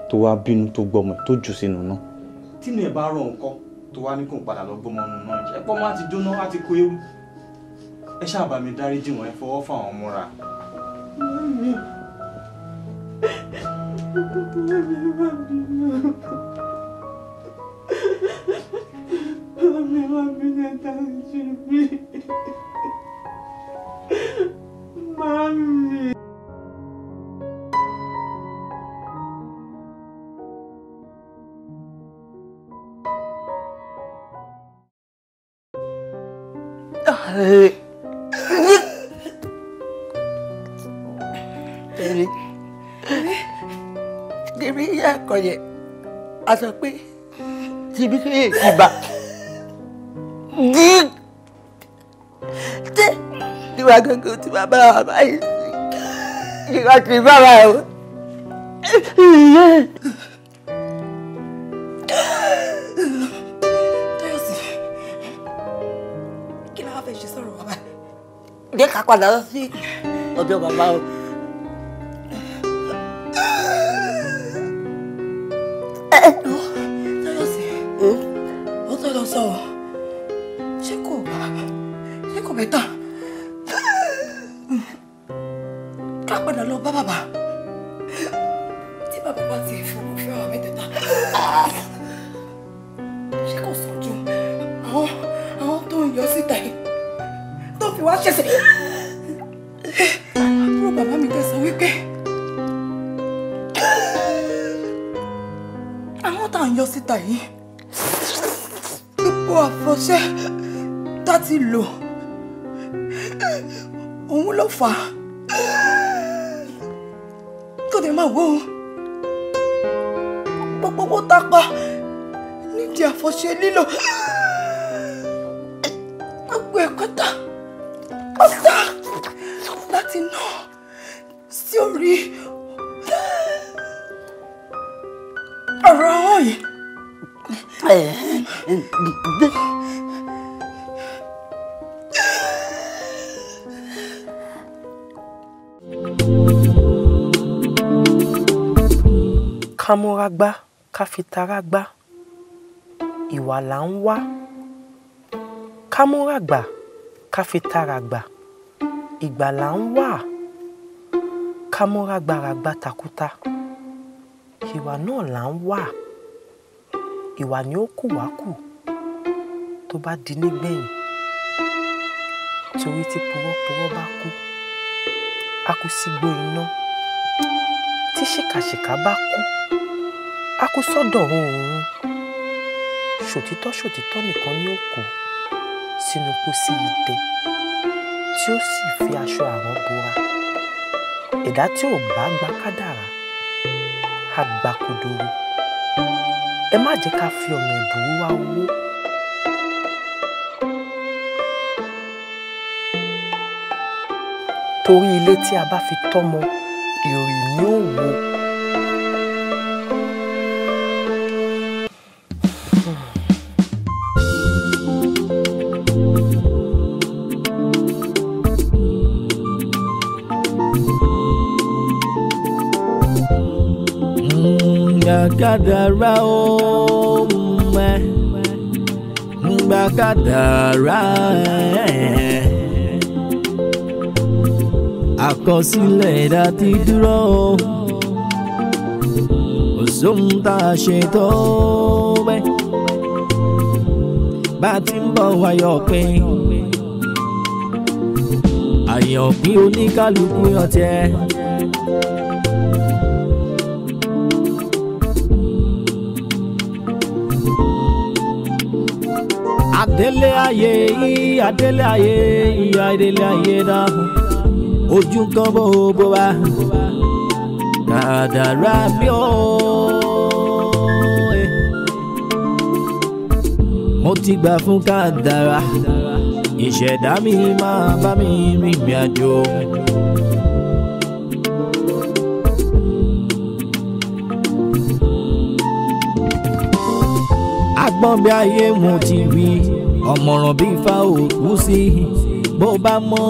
Speaker 2: tó wá bínú tó gbọmọ tó jù sínú náà. tínú ẹ bá rọ nǹkan tó wá ní kò padà lọ gbọmọ ọmọ náà jẹ ẹpọ máa ti dúná á ti kó ewu ẹ ṣáà mi dáríjì wọ́n ẹ fọwọ́ fún ọmọra.
Speaker 4: Mami.
Speaker 3: yẹn
Speaker 7: a sọ pé tìbí tó yẹ ìbà dí tẹ ìwà gángan tí bàbá wa báyìí
Speaker 2: ìwà tí bàbá wa ìyẹn.
Speaker 3: jẹ́ ká padà lọ sí ọ̀dọ̀ bàbá o.
Speaker 4: ká fi tara gbá ìwà là ń wá ká múra gbà ká fi tara gbà ìgbà là ń wá ká múra gbàràgbà tàkúta ìwà náà là ń wá ìwà ni ó kù wá kù tó bá di nígbẹ̀yìn torí tí purọ́purọ́ bá kú a kú sígbó iná tí ṣìkàṣìkà bá kú a kó sọ́dọ̀ òun ṣòtítọ́ ṣòtítọ́ nìkan ni ó kó sínú pósí idẹ tí ó sì fi aṣọ àrán bora ẹ̀dá tí ò bá gba kádàrá á gba kodoro ẹ má jẹ́ ká fi ọ̀nà ìbúrú wá owó. torí ilé tí a bá fi tọ́mọ ìrì ni ó wò ó.
Speaker 1: Kadara o, mẹ́ ń gba kádàrá eh. àkọsílẹ̀ ẹ̀dá ti dúró ó sóhun tá a ṣe tó mẹ́ bá a ti ń bọ̀ wáyọ̀ pé àyànpín oníkálukú ọ̀tẹ̀. adélé ayé yìí adélé ayé yìí adélé ayé náà ojú kan bó bó wa kàdàrà mi mo ti gbà fún kàdàrà ìṣẹ̀dá mi máa bá mi rìnrìn àjò. agbọ́n bí ayé mo ti rí i ọ̀mọ̀ràn bí ifá òkú sí bó bá mọ́.